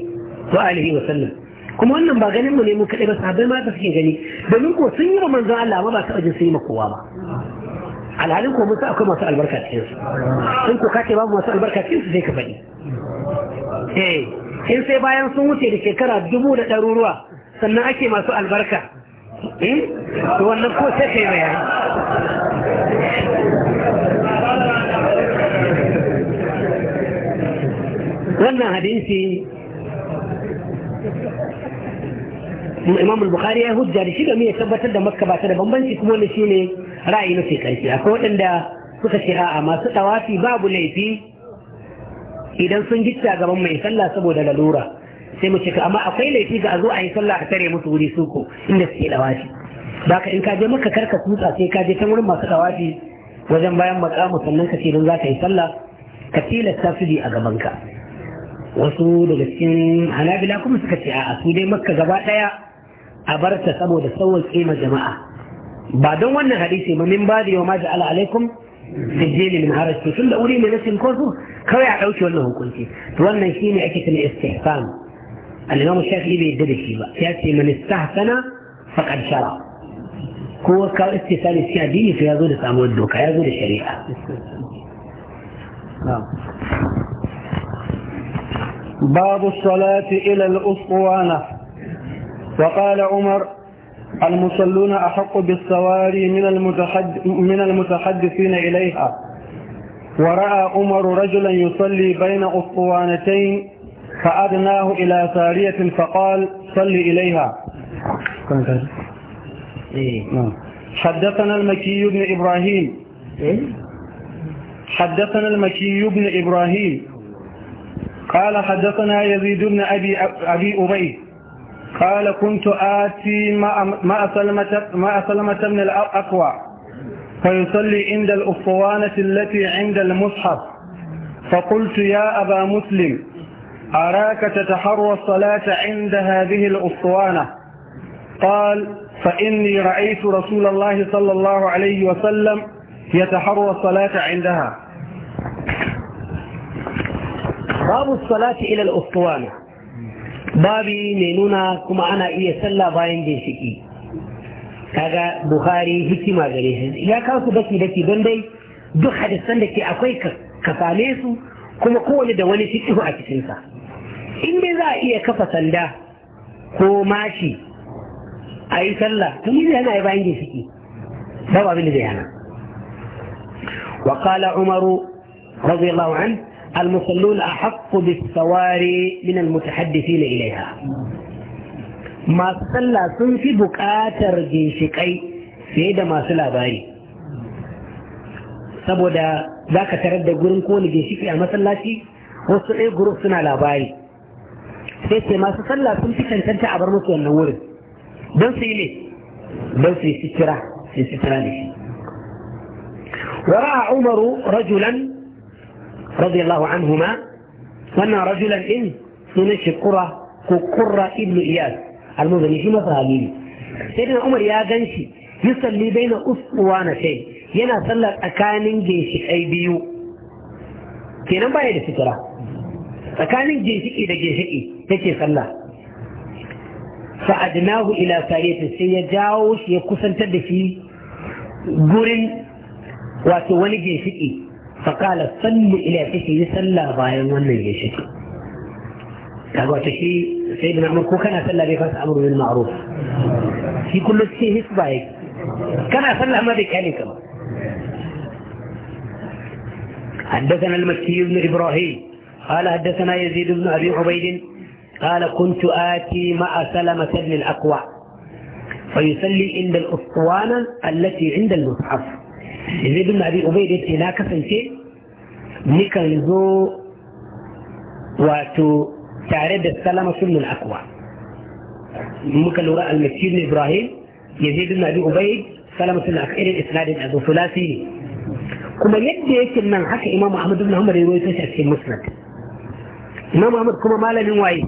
A: wa alihi wasallam kuma wannan ba ganin mu ne mu kaɗai ba sahabbai ma da suke gani domin ko sun yi wa manzon Allah ba ba taɓa jin sun yi ma kowa ba alhalin ko musu akwai masu albarka cikin su in ko kace babu masu albarka cikin su sai ka faɗi eh in sai bayan sun wuce da shekara dubu da ɗaruruwa sannan ake masu albarka eh to wannan ko sai kai bayani wannan hadisi imam al-bukhari ya hujja da shi da mai ya tabbatar da makka ba ta da bambanci kuma shi ne ra'ayi mafi karfi akwai waɗanda suka ce a'a masu tawafi babu laifi idan sun gitta gaban mai sallah saboda lalura sai mu cika amma akwai laifi ga a zo a yi sallah a tare musu wuri suko inda suke tawafi ba ka in ka je maka karka tuta sai ka je ta wurin masu tawafi wajen bayan makamu sannan ka ce don za ka yi sallah ka tilasta su a gaban ka wasu daga cikin hanabila kuma suka ce a su dai makka gaba ɗaya a bar ta saboda sauwa kima jama'a بعدون وانا حديثي من بعدي وما جعل عليكم في تجيني من عرشتي كل أولي من نفسي مكوثو كوي عقوشي وانا هم كنتي وانا يشيني عكس الاستحسان الإمام الشيخ إيبي يدري ياتي من استحسن فقد شرع هو كو استحسان السياسي في يزول سامودو كي يزول الشريعة
B: نعم باب الصلاة إلى الأسطوانة وقال عمر المصلون أحق بالسواري من, المتحد من المتحدثين إليها ورأى عمر رجلا يصلي بين أسطوانتين فأدناه إلى سارية فقال صل إليها إيه. نعم. حدثنا المكي بن إبراهيم إيه؟ حدثنا المكي بن إبراهيم قال حدثنا يزيد بن أبي, أبي أبي قال كنت آتي ما سلمة, مع سلمة بن الأقوى فيصلي عند الأفوانة التي عند المصحف فقلت يا أبا مسلم أراك تتحرى الصلاة عند هذه الأسطوانة قال فإني رأيت رسول الله صلى الله عليه وسلم يتحرى الصلاة عندها باب الصلاة إلى الأسطوانة
A: babi mai nuna kuma ana iya sallah bayan ginshiki kaga buhari hikima gare shi ya kawo su daki daki don dai duk hadisan da ke akwai ka same su kuma kowane da wani fikihu a sa. in dai za a iya kafa sanda ko mashi a yi sallah tun yi yana yi bayan ginshiki babu abin da zai hana وقال عمر رضي الله عنه المصلون أحق بالثواري من المتحدثين إليها ما صلى في بكات رجيشكي سيدا ما صلى باري سبو دا ذاك ترد قرن كون جيشكي ما صلى شي وصل إيه قرن صنع لا باري سيدا ما صلى سن في كان تنتع برمس والنور دنسي إيه؟ لي دنسي سترا سترا لي ورأى عمر رجلا رضي الله عنهما أن رجلا إن سنش قرة قرة ابن إياس المزني شو مفاهيم سيدنا عمر يا جنشي يصلي بين أسطوانتين yana sallar tsakanin ginshiƙai biyu kenan baya da sutura tsakanin ginshiƙi da ginshiƙi yake sallah fa'adnahu ila sariyati sai ya jawo shi ya kusantar da shi gurin wato wani ginshiƙi فقال صل الى تشي صلى ظاهر من يشي كابو تشي سيدنا عمر كو كان صلى بفاس امر بالمعروف في كل شيء هيك بايك كان صلى ما بك يعني حدثنا المكي بن ابراهيم قال حدثنا يزيد بن ابي عبيد قال كنت اتي مع سلمه بن الاقوى فيصلي عند الاسطوانه التي عند المصحف zai bin abi bai da na kasance nikan zo wato tare da salama nuna akwa muka lura almasir ibrahim yazid bin abi bai salama nuna akwa irin isnadin azu sulasi ne kuma yadda yake nan haka imam ahmad bin hamar ya rawaito shi a cikin musnad imam ahmad kuma malamin waye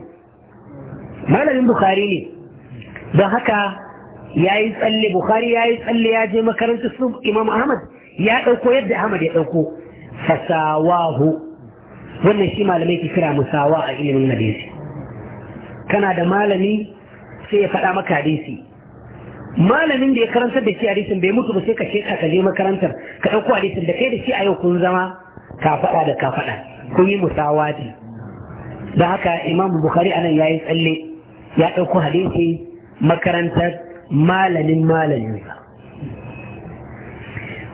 A: malamin bukhari ne don haka ya yi tsalle bukhari ya yi tsalle ya je makarantar su imam ahmad ya ɗauko yadda ahmad ya ɗauko fasawahu wannan shi malamai ke kira musawa a ilimin hadisi kana da malami sai ya faɗa maka hadisi malamin da ya karantar da shi hadisin bai mutu ba sai ka sheka ka je makarantar ka ɗauko hadisin da kai da shi a yau kun zama ka faɗa da ka faɗa kun yi ce. da haka imam bukhari anan ya yi tsalle ya ɗauko hadisi makarantar malamin malaminsa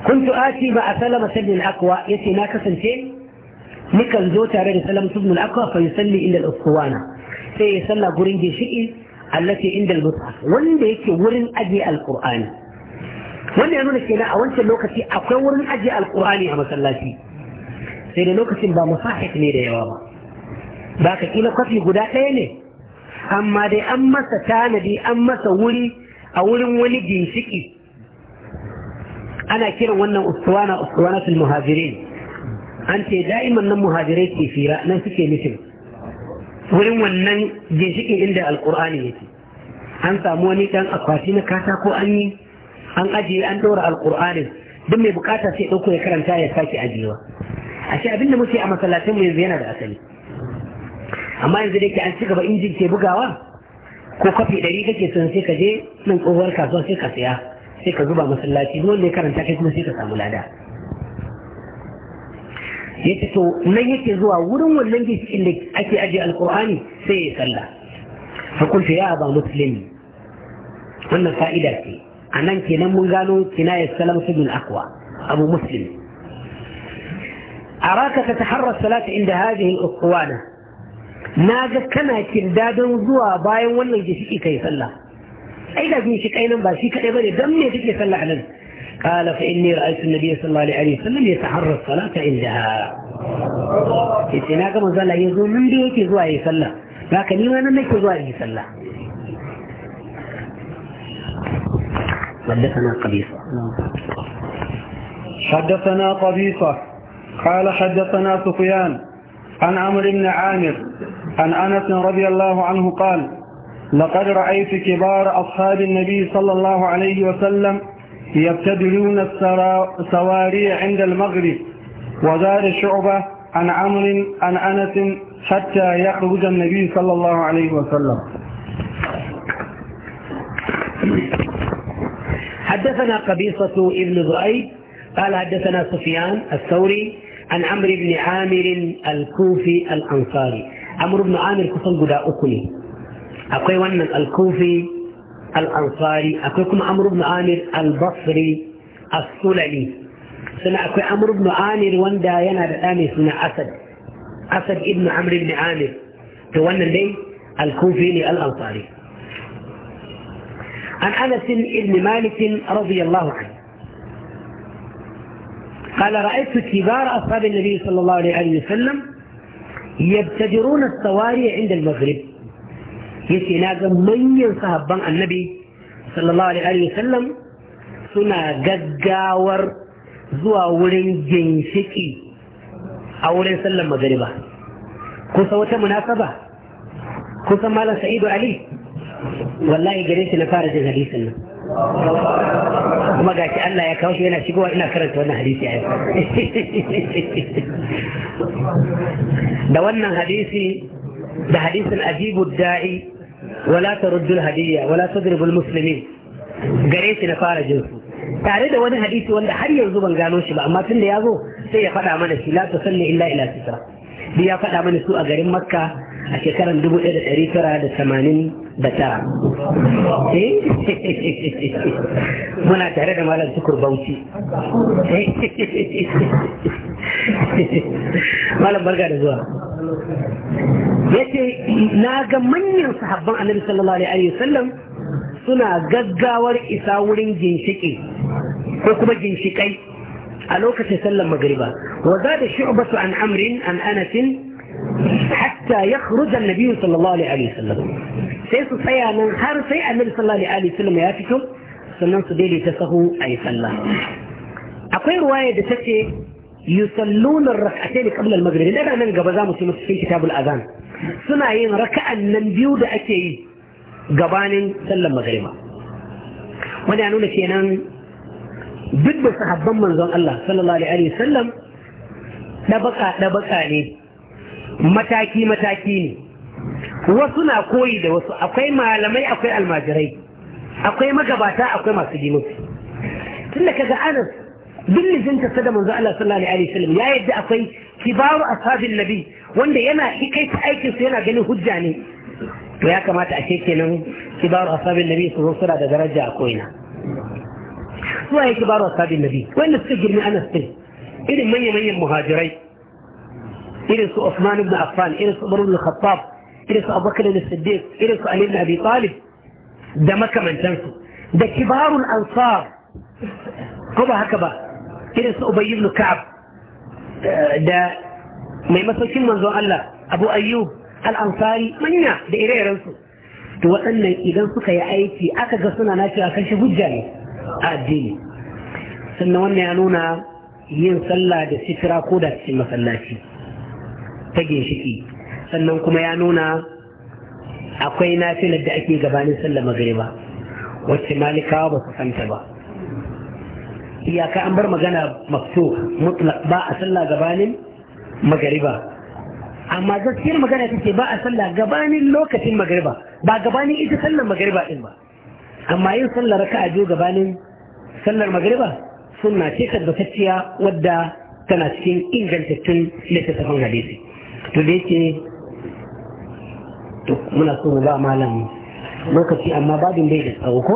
A: kuntu ati ba a salama sabin akwa ya ce na kasance mukan zo tare da salama sabin akwa fa yi salli inda al'ukuwana sai ya salla gurin ginshiƙi allati inda al wanda yake wurin aje alqur'ani wanda ya nuna kenan a wancan lokaci akwai wurin aje alqur'ani a masallaci sai da lokacin ba musahif ne da yawa ba ba ka kila kwafi guda ɗaya ne amma dai an masa tanadi an masa wuri a wurin wani ginshiki ana kiran wannan ustuwana ustuwanatul muhajirin an ce da'iman nan muhajirai ke fira nan suke mutum wurin wannan ginshikin inda alkur'ani yake an samu wani dan akwati na katako an yi an ajiye an ɗora alkur'anin duk mai bukata sai ɗauko ya karanta ya sake ajiyewa a ce abinda muke a masallacin mu yanzu yana da asali amma yanzu da ke an ci gaba injin ke bugawa ko kafi ɗari kake son sai ka je nan tsohuwar kasuwa sai ka saya sai ka zuba masallaci dole ne karanta kai kuma sai ka samu lada ya ce to nan yake zuwa wurin wannan gishin da ake ajiye alkur'ani sai ya sallah hukunta ya ba musulmi wannan fa'ida ce a nan kenan mun gano ya salam bin akwa abu musulmi. A muslim ta تتحرى salata inda هذه الأسطوانة na ga kana dadan zuwa bayan wannan shi kai sallah ai da shi kainan ba shi kadai bane dan me kike sallah nan قال فإني رأيت النبي صلى الله عليه وسلم يتحرى الصلاة عندها يتنا كما زال يزو من دي يكي زوا يسلى
B: لكن nake zuwa yi sallah
C: حدثنا قبيصة
B: حدثنا قبيصة قال حدثنا سفيان عن عمرو بن عامر عن أنس رضي الله عنه قال لقد رأيت كبار أصحاب النبي صلى الله عليه وسلم يبتدلون السواري عند المغرب وزار شعبة عن عمر عن أنس حتى يخرج النبي صلى الله عليه وسلم
A: حدثنا قبيصة ابن ضريب قال حدثنا سفيان الثوري عن عمرو بن عامر الكوفي الأنصاري amr ibn amir kusan guda uku ne akwai wannan al-kufi al-ansari akwai kuma amr ibn amir al-basri as-sulami sannan akwai amr ibn amir wanda yana da ɗa mai suna asad asad ibn amr ibn amir to wannan dai al-kufi ne al-ansari عن انس بن مالك رضي الله عنه قال رايت كبار اصحاب النبي صلى الله عليه وسلم يبتدرون الصواري عند المغرب يتي ناقا من ينصهب النبي صلى الله عليه وسلم سنا قاقاور زوا ورين جنشكي أو سلم مغربا كوسا وتا مناسبة كوسا مالا سعيد علي والله قريت نفارج الحديث النبي kuma ga shi Allah ya kawo yana shigowa ina karanta wannan hadisi a yau da wannan hadisi da hadisin ajibu da'i wala taruddul hadiyya wala tudribul muslimin gare shi na fara jinsu tare da wani hadisi wanda har yanzu ban gano shi ba amma tun da ya zo sai ya faɗa mana shi la tusalli illa ila sitra ya faɗa mana su a garin makka a shekarar tara. Eh? muna tare da malam tukur bauchi malam barga da zuwa ya ce na ga manyan sahabban annabi sallallahu alaihi wasallam suna gaggawar isa wurin ginshiƙi ko kuma ginshiƙai a lokacin sallan magariba wa za da shu'batu an amrin an anasin حتى يخرج النبي صلى الله عليه وسلم سيسو سيئا من خار سيئا النبي صلى الله عليه وسلم ياتيكم سنن صديلي تسهو أي صلى أقول رواية دستي يسلون الركعتين قبل المغرب لأن أنا من قبضا مسلم في كتاب الأذان سنعين ركعا ننبيو دأتي قبان صلى المغرب وانا أنا لكينا ضد صحابة من زون الله صلى الله عليه وسلم لا بقى لا بقى عليه mataki mataki ne wasu na koyi da wasu akwai malamai akwai almajirai akwai magabata akwai masu jinufi tun da kaga anas duk lizinta ta da manzo Allah sallallahu alaihi wasallam ya yadda akwai kibaru ashabin nabi wanda yana kai ta aikin su yana ganin hujja ne to ya kamata a kenan kibaru ashabin nabi su zo sura da daraja a koina su waye kibaru ashabin nabi wanda suka girmi anas din irin manya-manyan muhajirai ارث عثمان بن عفان ارث عمر بن الخطاب ارث ابو بكر الصديق ارث علي بن ابي طالب ده مكة من تنسوا. ده كبار الانصار كبا هكبا ارث ابي بن كعب ده ما يمسوش منذ الله ابو ايوب الانصاري منيا ده اريه رنسو تو ان اذا سوك يا ايتي اكا غسنا ناشي اكا شي حجاني الدين. سنه ونه انونا يين صلاه ده سفرا كودا في ta ginshiki sannan kuma ya nuna akwai nafilar da ake gabanin sallar ba wacce malikawa ba su santa ba iyaka an bar magana mafto mutlaq ba a sallah gabanin magariba amma gaskiyar magana ta ce ba a sallah gabanin lokacin magariba ba gabanin ita sallar magariba din ba amma yin sallar a biyu gabanin sallar magariba sunna ce tabbatacciya wadda tana cikin ingantattun littattafan hadisi to da yake to muna so mu ba malam lokaci amma babin bai da tsawo ko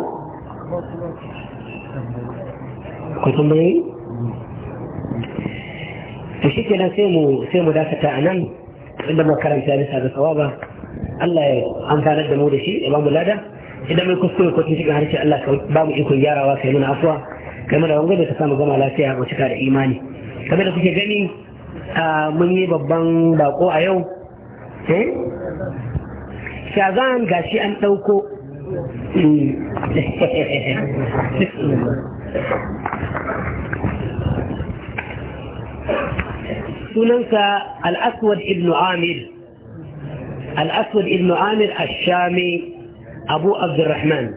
A: ku tambayoyi to shi kenan sai mu sai mu dakata a nan inda mu makaranta bisa ga sawaba Allah ya amfanar da mu da shi ya ba mu lada idan mai kuskure ko tun cikin harshe Allah ka ba mu ikon gyarawa kai mana afuwa kai mana wanga da ta samu gama lafiya ko cika da imani kamar da kuke gani mun yi babban bako a yau shazan gashi an ɗauko sunansa al'aswad ibn amir al'aswad ibn amir ashami abu abdurrahman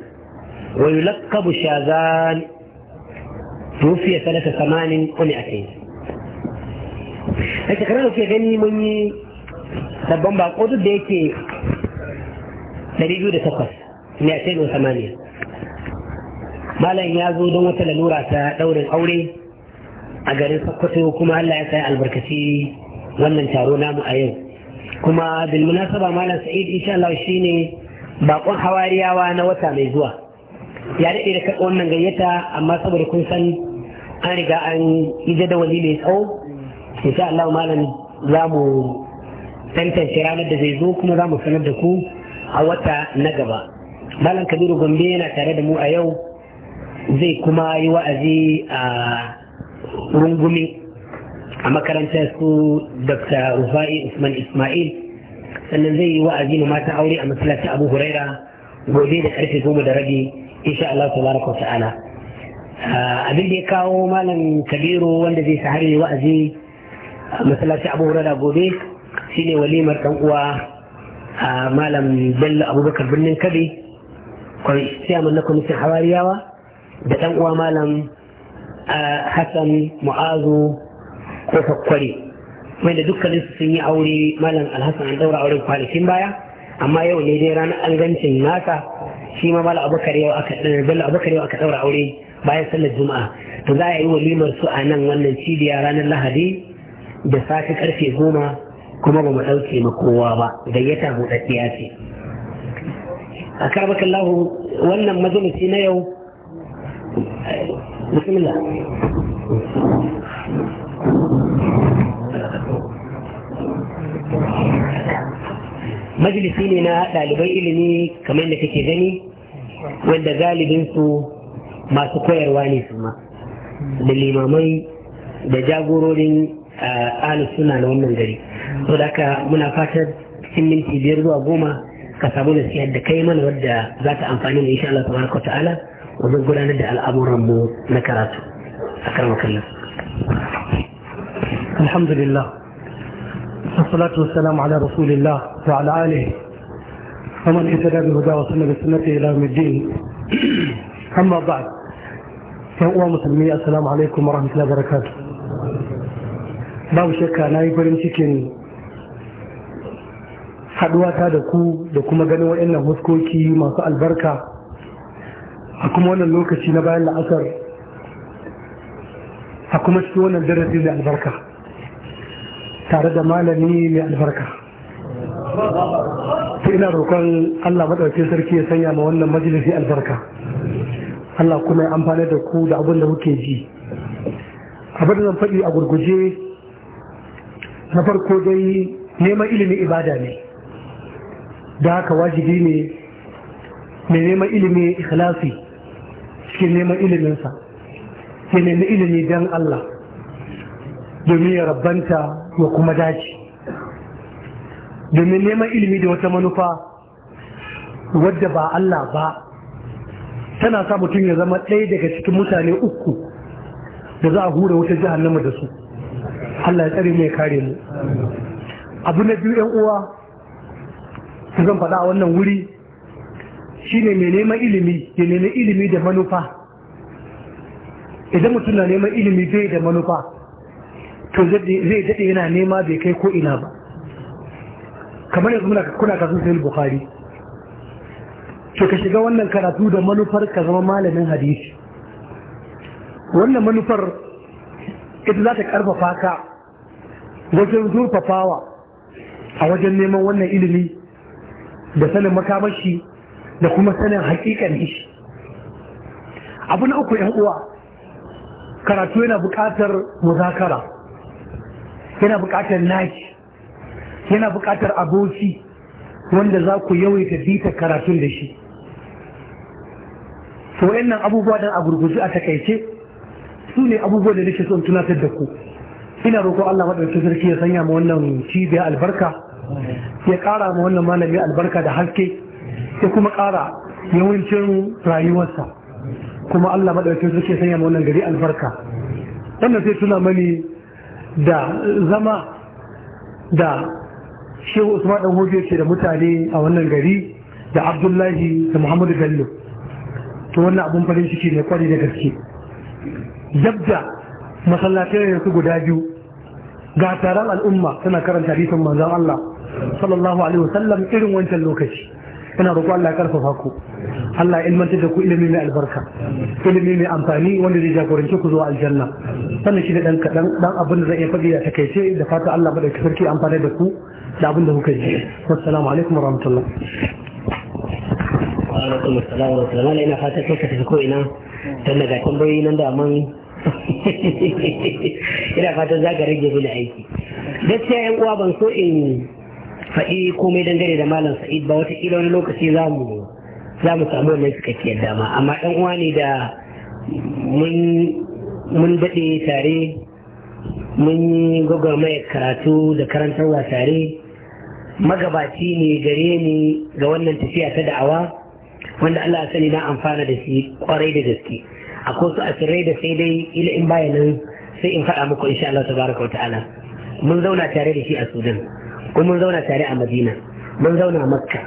A: ويلقب شاذان توفي سنة ثمان ومئتين A shekarar da ke gani mun yi sabon bako duk da yake 208 ne a cikin samaniya malam ya zo don wata lalura ta daurin aure a garin sokoto kuma allah ya sai albarkaci wannan taro namu a yau kuma bil munasaba malam sa'id insha Allah ne bakon hawariyawa na wata mai zuwa ya daɗe da karɓi wannan gayyata amma saboda kun san an riga an yi jadawali mai tsawo insha Allah malam za mu tantance ranar da zai zo kuma za mu sanar da ku a wata na gaba malam kabiru gombe yana tare da mu a yau zai kuma yi wa'azi a rungumi a makarantar su dr rufai usman ismail sannan zai yi wa'azi na mata aure a masallacin abu huraira gobe da karfe goma da rabi insha Allah tabaraka wa ta'ala ah, abin da ya kawo malam kabiru wanda zai sahari wa'azi masallaci abu hurara gobe shine walimar dan uwa a malam bello abubakar birnin kabe kwanciyaman na kwamitin hawariyawa da dan uwa malam hassan mu'azu ko kwari wanda dukkanin su sun yi aure malam alhassan an daura auren kwanakin baya amma yau ne dai ranar algancin nasa shi ma malam abubakar yau aka eh, bello abubakar yau aka daura aure bayan sallar juma'a to za a yi walimar su a nan wannan cibiya ranar lahadi da safi karfe goma kuma ba mu ɗauke ma kowa ba da gayyata buɗaɗɗiya ce a karbakan lahu wannan majalisi na yau bismillah majalisi ne na ɗalibai ilimi kamar da kake gani wanda galibinsu masu koyarwa ne su ma da limamai da jagororin ahalus suna na wannan gari saboda haka muna fatan cikin minti biyar zuwa goma ka samu nasihar da kai mana wadda za ta amfani mu insha Allah tabaraka ta'ala wajen gudanar da
D: al'amuran mu na karatu akan kallon alhamdulillah والصلاة والسلام على رسول الله وعلى آله ومن اهتدى بهدى وسنة بسنته إلى يوم الدين أما بعد يا أمة السلام عليكم ورحمة الله وبركاته babu shakka na yi farin cikin haɗuwata da ku da kuma ganin waɗannan huskoki masu albarka a kuma wannan lokaci na bayan la'asar a kuma cikin wannan darasi mai albarka tare da malami mai albarka ta ina roƙon allah maɗauki sarki ya sanya ma wannan majalisi albarka allah kuma ya amfani da ku da abin da kuke ji abin da zan faɗi a gurguje na farko dai neman ilimi ibada ne da haka wajibi ne mai neman ilimi ikhlasi cikin neman iliminsa sai neman ilimi don Allah domin ya rabbanta ya kuma dace domin neman ilimi da wata manufa wadda ba Allah ba tana sa mutum ya zama ɗaya daga cikin mutane uku da za a hura wata nama da su Allah ya tsare mai kare mu abu na biyu yan uwa zan faɗa wannan wuri shine mai neman ilimi ya nemi ilimi da manufa idan mutum na neman ilimi bai da manufa to zai daɗe yana nema bai kai ko ina ba kamar yanzu kuna kasu sayar bukari to ka shiga wannan karatu da manufar ka zama malamin hadisi wannan manufar ita za ta karfafa ka wajen zurfafawa a wajen neman wannan ilimi da sanin makamashi da kuma sanin hakikan ishi abu na uku yan uwa karatu yana buƙatar muzakara yana buƙatar naki yana buƙatar aboki wanda za ku yawaita bita karatun da shi so abubuwa don a gurguzu a takaice su ne abubuwan da nake son tunatar da ku ina roƙo Allah maɗauki sarki ya sanya mu wannan cibiya albarka ya ƙara ma wannan malami albarka da haske ya kuma ƙara yawancin rayuwarsa kuma Allah maɗauki sarki ya sanya mu wannan gari albarka wannan sai tuna mani da zama da shehu usman dan hoje ce da mutane a wannan gari da abdullahi da muhammadu bello to wannan abun farin ciki ne kwari da gaske dabda masallacin ne su guda biyu ga taron al'umma suna karanta hadisin manzan Allah sallallahu alaihi wasallam irin wancan lokaci ina roƙo Allah ya karfafa ku Allah ya ilmanta da ku ilimi mai albarka ilimi mai amfani wanda zai jagorance ku zuwa aljanna sannan shi da ɗan kadan abin da zai iya faɗi a takaice da fata Allah madaukakin sarki amfani da ku da abin da kuka ji assalamu alaikum warahmatullahi wa alaikum assalam wa rahmatullahi ina fata kuka tafi ko ina
A: don daga tambayoyi nan da man ina fatan za ka rage mini aiki gaskiya yan uwa ban so in faɗi komai dangane da malam sa'id ba wata watakila wani lokaci za mu za mu samu wannan cikakkiyar dama amma ɗan uwa ne da mun daɗe tare mun yi gwagwarmayar karatu da karantarwa tare magabaci ne gare ni ga wannan tafiya ta da'awa wanda Allah ya sani na amfana da shi kwarai da gaske akwai su asirai da sai dai ila in baya nan sai in faɗa muku insha Allah tabaraka wa ta'ala mun zauna tare da shi a Sudan kuma mun zauna tare a Madina mun zauna a Makka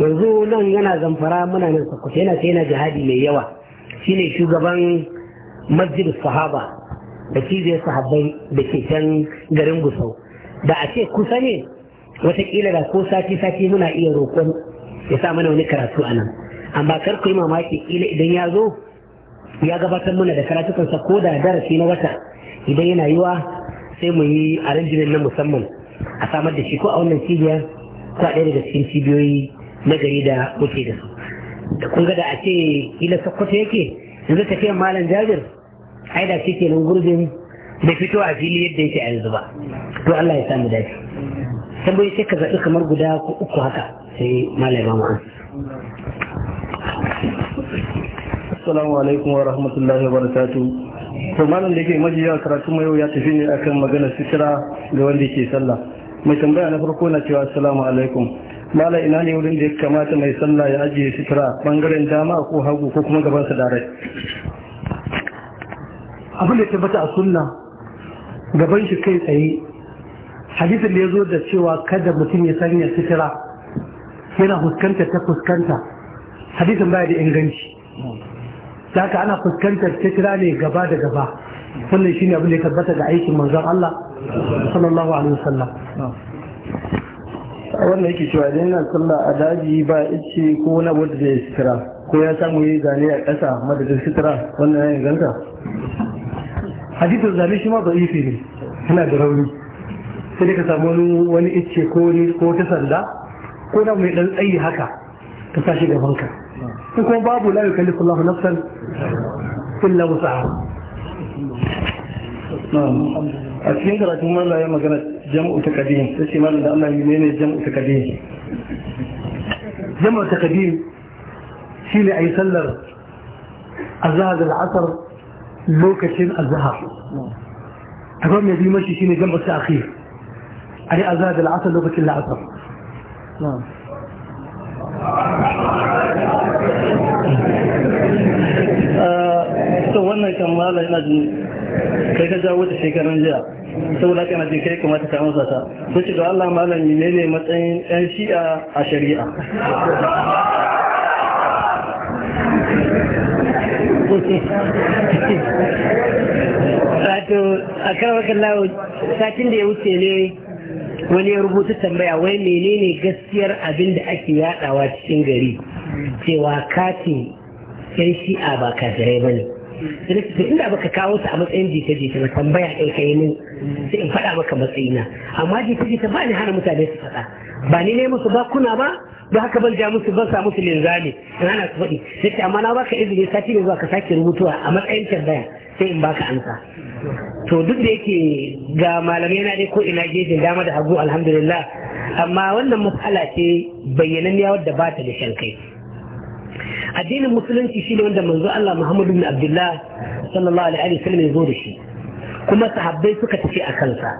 A: yanzu nan yana zamfara muna nan Sokoto yana sai yana jihadi mai yawa shine shugaban masjid sahaba da cibiyar sahabbai da ke can garin Gusau da a ce kusa ne watakila da ko sati sati muna iya roƙon ya sa mana wani karatu a nan amma kar ku yi mamaki ila idan ya zo ya gabatar mana da karatukansa ko da darasi na wata idan yana yiwa sai mu yi arrangement na musamman a samar da shi ko a wannan cibiyar ko a ɗaya daga cikin cibiyoyi na gari da kuke da su da kun ga da a ce ila sakkwato yake yanzu tafiya malam jabir ai da shi kenan gurbin bai fito a fili yadda yake a yanzu ba to Allah ya samu dace tambayi sai ka zaɓi kamar guda ko uku haka sai
E: malam ya ba mu assalamu alaikum wa rahmatullahi wa barakatu to malam da yake majiya karatu mai yau ya tafi ne akan magana sitira ga wanda ke sallah mai tambaya na farko na cewa assalamu alaikum mala ina ne wurin da ya kamata mai sallah ya ajiye sitira bangaren dama ko hagu ko kuma gaban sa dare
D: abin da tabbata a sunna gaban shi kai tsaye hadisin da ya zo da cewa kada mutum ya sanya sitira yana fuskanta ta fuskanta hadisin baya da inganci da haka ana fuskantar fitira ne gaba da gaba wannan shine abin da ya tabbata ga aikin manzon Allah sallallahu alaihi wasallam
E: wannan yake cewa idan yana sallah a daji ba ice ko na da zai sitira ko ya samu yi zane a ƙasa madadin sitira
D: wannan ya inganta hadisin zane shi ma ba ife ne yana da rauni sai dai ka samu wani ice ko ta sanda ko na mai ɗan tsayi haka ka sa shi ka? shi kuma babu la yukallifu Allahu nafsan illa wus'aha a cikin karatun mallam ya magana jam'u takadim sai ce mallam da Allah ya ne jam'u takadim jam'u takadim shine ayi sallar azhar da asr lokacin azhar akwai mai bi mashi shine jam'u ta'khir ari azhar da asr lokacin la'asar
E: mala ina jin kai ka jawo ta shekaran jiya saboda kana jin kai kamata ka amsa ta ko ce da Allah malam menene matsayin 'yan shi'a a shari'a
A: wato a karwakan lawo satin da ya wuce ne wani ya rubuta tambaya wai menene gaskiyar abin da ake yadawa cikin gari cewa katin yan shi'a ba kafirai ba ne da inda baka kawo su a matsayin jita-jita na tambaya ɗin kai ne sai in faɗa maka matsayina amma jita-jita ba ni hana mutane su faɗa ba ni ne musu bakuna ba ba haka ban ja musu ban sa musu linzami in ana su faɗi sai amma na baka izini sati ne zuwa ka sake rubutuwa a matsayin tambaya sai in baka ansa to duk da yake ga malamai na dai ko ina gejin dama da hagu alhamdulillah amma wannan matsala ce bayyananniya wadda ba ta da shan kai addinin musulunci shine wanda manzo Allah Muhammadu bin Abdullah sallallahu alaihi wasallam ya zo da shi kuma sahabbai suka tafi a kansa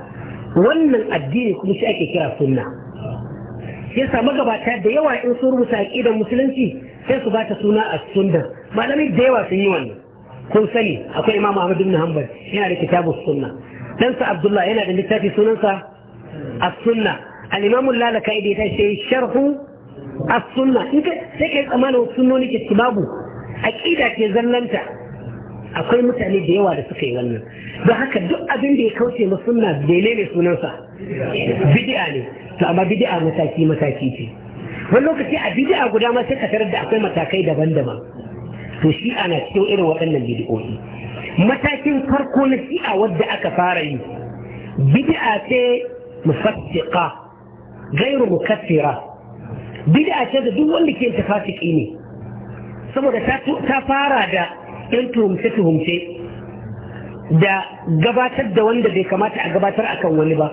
A: wannan addini kuma shi ake kira sunna ya samu gabata da yawa in sun rubuta aqidar musulunci sai su bata suna a sunna malamai da yawa sun yi wannan kun sani akwai Imam Ahmad bin Hanbal yana da kitabus sunna dan sa Abdullah yana da littafi sunansa as-sunna al-Imam Lalaka'i da ya tashi sharhu as-sunna in ka sai kai tsamanin sunnoni ke babu aqida ke zallanta akwai mutane da yawa da suka yi wannan don haka duk abin da ya kauce ma sunna ne sunansa bid'a ne to amma bid'a mataki mataki ce wani lokaci a bid'a guda ma sai ka tarar da akwai matakai daban-daban to shi ana cikin irin waɗannan bid'o'i matakin farko na shi'a wadda aka fara yi bid'a ce mufassiqa gairu mukaffira bid'a ce da duk wanda ke ta fasiki ne saboda ta fara da yan tuhumce tuhumce da gabatar da wanda bai kamata a gabatar akan wani ba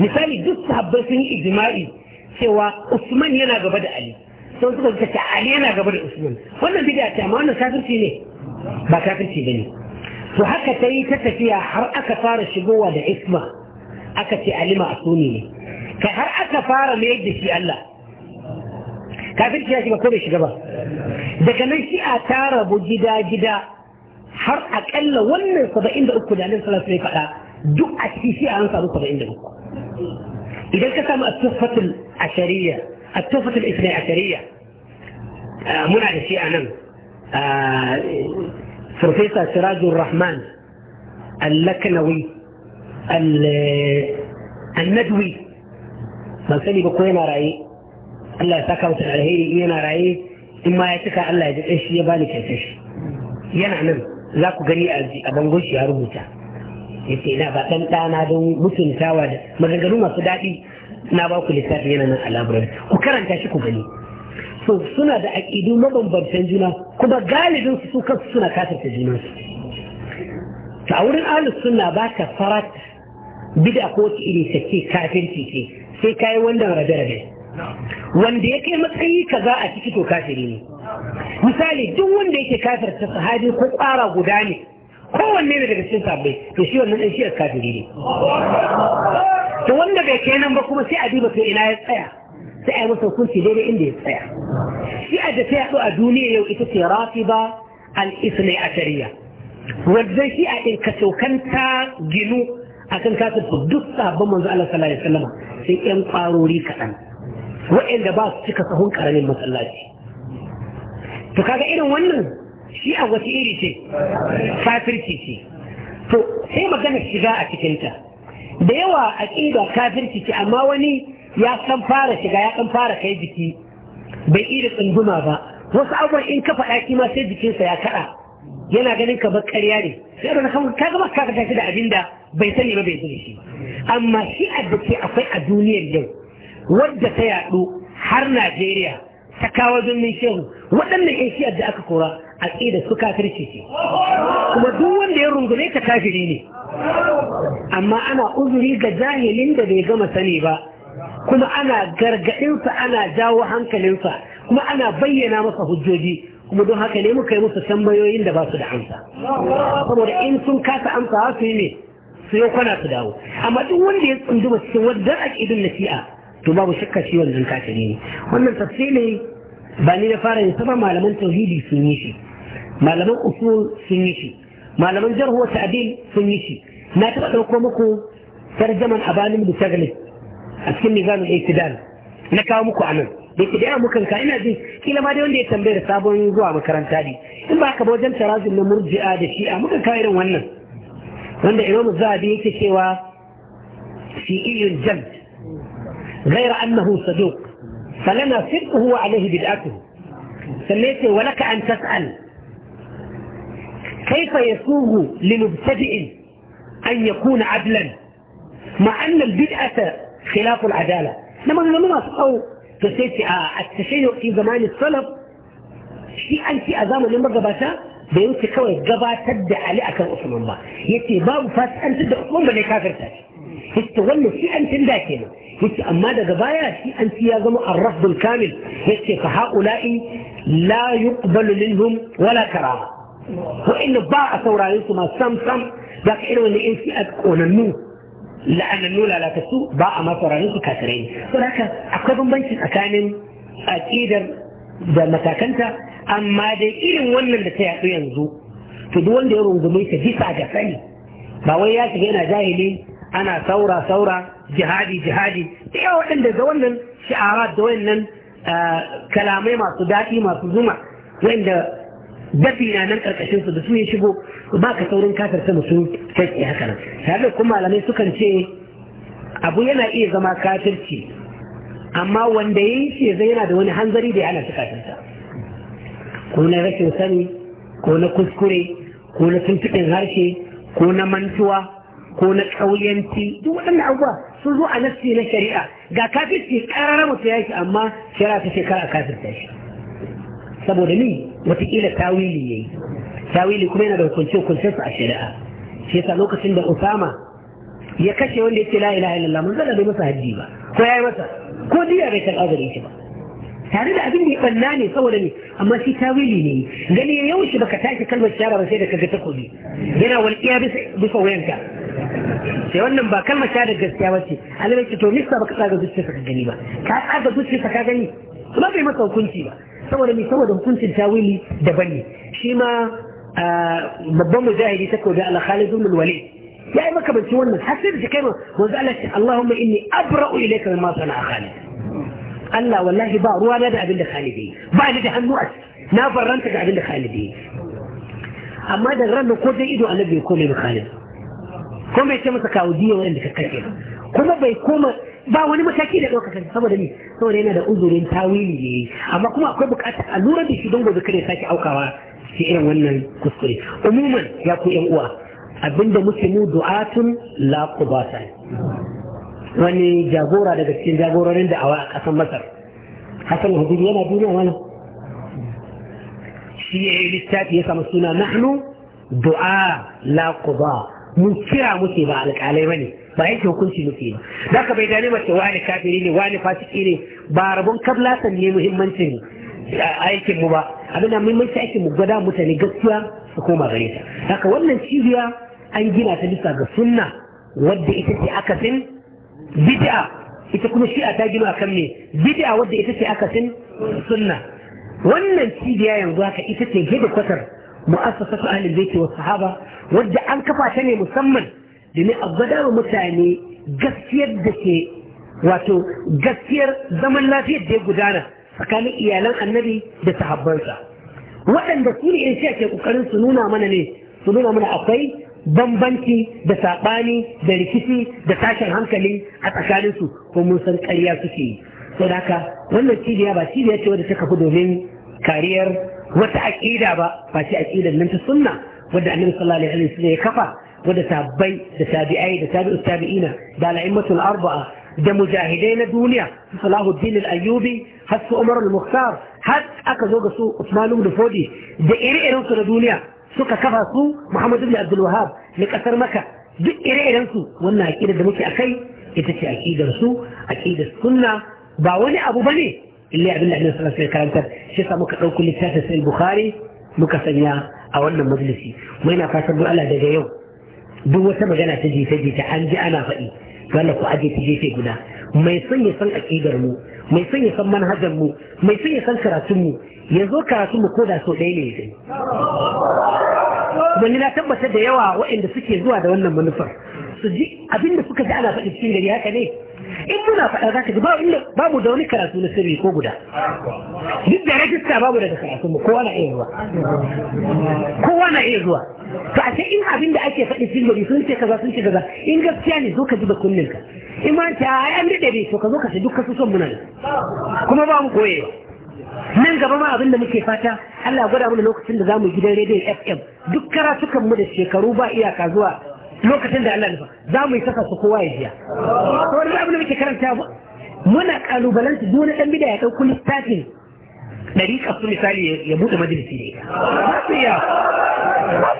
A: misali duk sahabbai sun yi ijma'i cewa Usman yana gaba da Ali sun suka suka ce Ali yana gaba da Usman wannan bid'a ce amma wannan kafirci ne ba kafirci bane to haka ta yi ta tafiya har aka fara shigowa da isma aka ce alima a ne ka har aka fara mayar da shi Allah kafirci ya shiga ko bai shiga ba daga nan shi a tara bu gida gida har akalla wannan saba'in da uku da annabi sallallahu alaihi faɗa duk a cikin an samu saba'in da uku idan ka samu at-tuhfatul ashariyya at-tuhfatul ithnai ashariyya muna da shi a nan farfesa sirajur rahman al-laknawi al-nadwi ban sani ba ko yana raye Allah ya saka masa alheri in yana raye in ma ya cika Allah ya ji shi ya bani kyautar shi yana nan za ku gani a a bangon shi ya rubuta ya ce ina ba dan ɗana don mutuntawa da maganganu masu daɗi na ba ku lissafi yana nan a ku karanta shi ku gani so suna da aƙidu mabambantan juna kuma galibin su su kansu suna kasance juna su a wurin ahlus sunna ba ka farat bid'a ko wata iri ta ce ce sai kayi wanda rabe-rabe wanda ya kai matsayi kaza a ciki to kafiri ne misali duk wanda yake kafirta sahabi ko kwara guda ne kowanne ne daga cikin sabbai to shi wannan ɗan a kafiri ne to wanda bai kai nan ba kuma sai a duba to ina ya tsaya sai a yi masa hukunci daidai inda ya tsaya shi a da ta yaɗo a duniya yau ita ce rafiba al-isnai ashariya wadda shi a ɗin ginu akan kafirta duk sabon manzo Allah sallallahu alaihi wasallam sai ƙwarori kaɗan wa'anda ba su cika sahun karamin masallaci to kaga irin wannan shi a iri ce kafirci ce to sai magana shiga a cikinta da yawa a ƙida kafirci ce amma wani ya san fara shiga ya san fara kai jiki bai iri tsunduma ba wasu abubuwan in ka faɗa ma sai jikinsa ya kaɗa yana ganin kamar ƙarya ne sai da kan ka gaba ka da abin da bai sani ba bai sani shi amma shi a akwai a duniyar yau wadda ta yaɗu har Najeriya ta kawo zunnin shehu waɗannan ƴan shi'ar da aka kora aƙida su kafirci ce kuma duk wanda ya rungume ta kafiri ne amma ana uzuri ga jahilin da bai gama sani ba kuma ana gargaɗinsa ana jawo hankalinsa kuma ana bayyana masa hujjoji kuma don haka ne muka yi musu tambayoyin da ba su da amsa saboda in sun kasa amsa su yi ne su yi kwana su dawo amma duk wanda ya tsunduma cikin wadda aƙidun nasi'a to babu shakka shi wannan kafiri ne wannan tafsili ba ni na fara yin ba malaman tauhidi sun yi shi malaman usul sun yi shi malaman jarhu wa ta'dil sun yi shi na taɓa ɗauko muku tarjaman abanin mutaglis a cikin nizamul iktidal na kawo muku anan da ke da mukan ka ina jin kila ma dai wanda ya tambaye da sabon zuwa makaranta ne in ba ka ba wajen tarazin na murji'a da shi'a mukan kawo irin wannan wanda imamu zahabi yake cewa shi'iyyun jald غير أنه صدوق فلنا صدقه وعليه بدعته سميته ولك أن تسأل كيف يسوغ لمبتدئ أن يكون عدلا مع أن البدعه خلاف العدالة لما ما أو تسيتي آه، التشيع في زمان السلف في أنت أزام لما قبتا بيوتي كوي قبتا عليك أصول الله يتي باب فاس أنت دخلون بني كافر تاش يتولي في أنت ذاكينا yace amma daga baya shi an ci ya zama ar kamil yace fa haula'i la yuqbalu minhum wala karama wa'inna ba a saurayen su ma sam sam da ka irin wani in a konannu la'anannu su. ba a ma saurayen su kafirai ne akwai bambanci tsakanin aƙidar da matakanta amma dai irin wannan da ta yaɗu yanzu to duk wanda ya rungume ta bisa ga sani ba wai ya shiga yana jahili ana saura saura jihadi jihadi da yawa waɗanda ga wannan shi'ara da wannan ah, kalamai masu daɗi masu zuma wanda dafi na nan karkashin su da su ya shigo ba ka saurin kafir ta musu sai haka nan tare kuma malamai sukan ce abu yana iya zama kafirci amma wanda ya yi ce yana da wani hanzari da yana su kafirta ko na rashin sani ko na kuskure ko na tuntuɗin harshe ko na mantuwa ko na ƙauyanci duk waɗannan abubuwa sun zo a nassi na shari'a ga kafirci karara mutu ya shi amma shara ta shekara a kafirta shi saboda ni watakila tawili ya yi tawili kuma yana da hukunci hukuncin su a shari'a shi yasa lokacin da usama ya kashe wanda ya ce la ilaha illallah mun zana bai masa haddi ba ko ya yi masa ko diya bai kan azari shi ba tare da abin da ya banna ne saboda ne amma shi tawili ne gani ya yaushe baka tashi kalmar shahada ba sai da kaga takobi yana walƙiya bisa bisa wayanka sai wannan ba kalmar shahada gaskiya ba ce alimai ce to mista baka tsaga zuciyarka ka gani ba ka tsaga zuciyarka ka gani kuma bai masa hukunci ba saboda me saboda hukuncin tawili daban ne shi ma babban mujahidi takobi ala khalid ibn walid ya yi makamanci wannan har sai da kai ma manzo Allah ce Allahumma inni abra'u ilayka mimma sana'a khalid قال لا والله با روالا دا عبد الخالدي با لدي هم مؤس نافر رنت دا عبد الخالدي اما دا رنو قد ايدو انا بي كومي بخالد كومي يتمسا كاودية وانا دا كتاكي كومي با يكوما با واني ما تاكي دا او كتاكي سوى دمي سوى دينا دا اوزو رين تاويني اما كوما اكوي بكات الورا دي شدون بو ذكري ساكي او كوا في اين وانا كسكري عموما يا كو ام اوا ابن دا مسلمو دعاتن لا قباسان wani jagora daga cikin jagororin da awa a kasan masar hasan hudu yana duniya wani shi ya yi littafi ya samu suna nahnu du'a la quba mun kira muke ba alƙalai bane ba yake hukunci muke ba da ka bai dani mace wani kafiri ne wani fasiki ne ba rabon kablatan ne muhimmancin aikin mu ba abin da muhimmanci aikin mu mutane gaskiya su koma gare ta haka wannan cibiya an gina ta bisa ga sunna wadda ita ce akasin bid'a ita kuma shi'a ta gino akan me bid'a wadda ita ce akasin sunna wannan cibiya yanzu haka ita ce gida kwatar mu'assasatu ahlul baiti wa sahaba wadda an kafa ta ne musamman domin a gwada wa mutane gaskiyar da ke wato gaskiyar zaman lafiyar da ya gudana tsakanin iyalan annabi da sahabbansa waɗanda su ne in ke ƙoƙarin su nuna mana ne su nuna mana akwai bambanci da saɓani da rikici da tashin hankali a tsakaninsu ko mun san ƙarya suke yi haka wannan cibiya ba cibiya ce wadda ta kafu domin kariyar wata aƙida ba ba ce aƙidar nan ta sunna wadda annabi sallallahu alaihi wasallam ya kafa wadda tabbai da tabi'ai da tabi'ut tabi'ina da al'immatul arba'a da mujahidai na duniya su Salahuddin al-Ayyubi har su Umar al-Mukhtar har aka zo ga su Usman ibn Fodi da iri irinsu na duniya suka kafa su Muhammad ibn Abdul Wahhab na kasar Makka duk ire-iren su wannan aqida da muke akai ita ce aqidar su aqidar sunna ba wani abu bane illa abin da Annabi sallallahu alaihi shi yasa muka dauko littafin Sahih Bukhari muka sanya a wannan majalisi mu yana fatan duk Allah daga yau duk wata magana ta jita jita an ji ana faɗi wanda ku aje ta jefe guda mai son ya san aqidar mu mai son ya san manhajar mu mai son ya san karatun mu ya zo karatu mu koda so ɗaya ne ya gani wani na tabbatar da yawa waɗanda suke zuwa da wannan manufar su ji abin da suka ji ana faɗi cikin gari haka ne in muna faɗa za ka ji babu da wani karatu na sirri ko guda duk da rajista babu daga karatu mu kowa na iya zuwa kowa na iya zuwa to a in abin da ake faɗi cikin gari sun ce kaza sun ce kaza in gaskiya ne zo ka ji da kunninka, ka in ma ta ai an daɗe ne to ka zo ka ce duk kasu son muna kuma ba mu koyewa nan gaba ma abin da muke fata Allah gwada mana lokacin da za mu gidan rediyon FM duk karatukan mu da shekaru ba iyaka zuwa lokacin da Allah nufa za mu yi saka su kowa ya jiya. to wani abin da muke karanta muna kalubalanta duk wani dan bida ya ɗauki littafin dariƙa su misali ya buɗe majalisi ne
C: ba su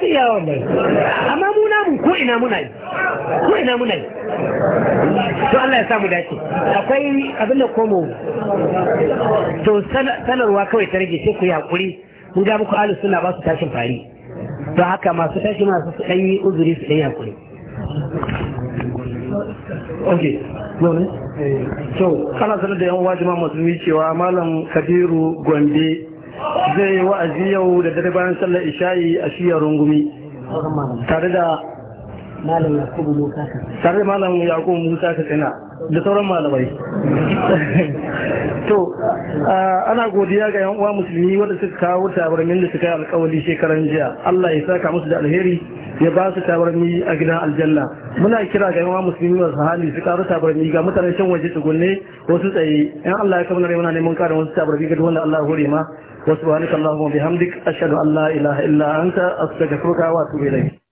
A: iya wannan amma mu ko ina muna yi ko ina muna yi to Allah ya samu dace akwai abin da komo to sanarwa kawai ta rage sai ku yi hakuri mun ga muku alu suna ba su tashin fari don haka masu tashi masu su ɗanyi uzuri su ɗanyi hakuri
C: ok
E: so eh. kana sanar da yan uwa jama'a musulmi cewa malam kabiru gombe zai wa'azi yau da dare bayan sallar isha'i a shiyar rungumi tare da malam yakubu musa tare malam yakubu musa ka tsina da sauran malamai to ana godiya ga yan uwa musulmi wanda suka kawo tabarmin da suka yi alkawali shekaran jiya Allah ya saka musu da alheri ya ba su tabarmi a gidan aljanna muna kira ga yan uwa musulmi wasu hali su karo tabarmi ga mutane shan waje tsugunne wasu tsaye yan Allah ya kama na neman karin wasu tabarmi ga wanda Allah ya hore ma وسبحانك اللهم وبحمدك أشهد أن لا illa إلا أنت أستغفرك وأتوب إليك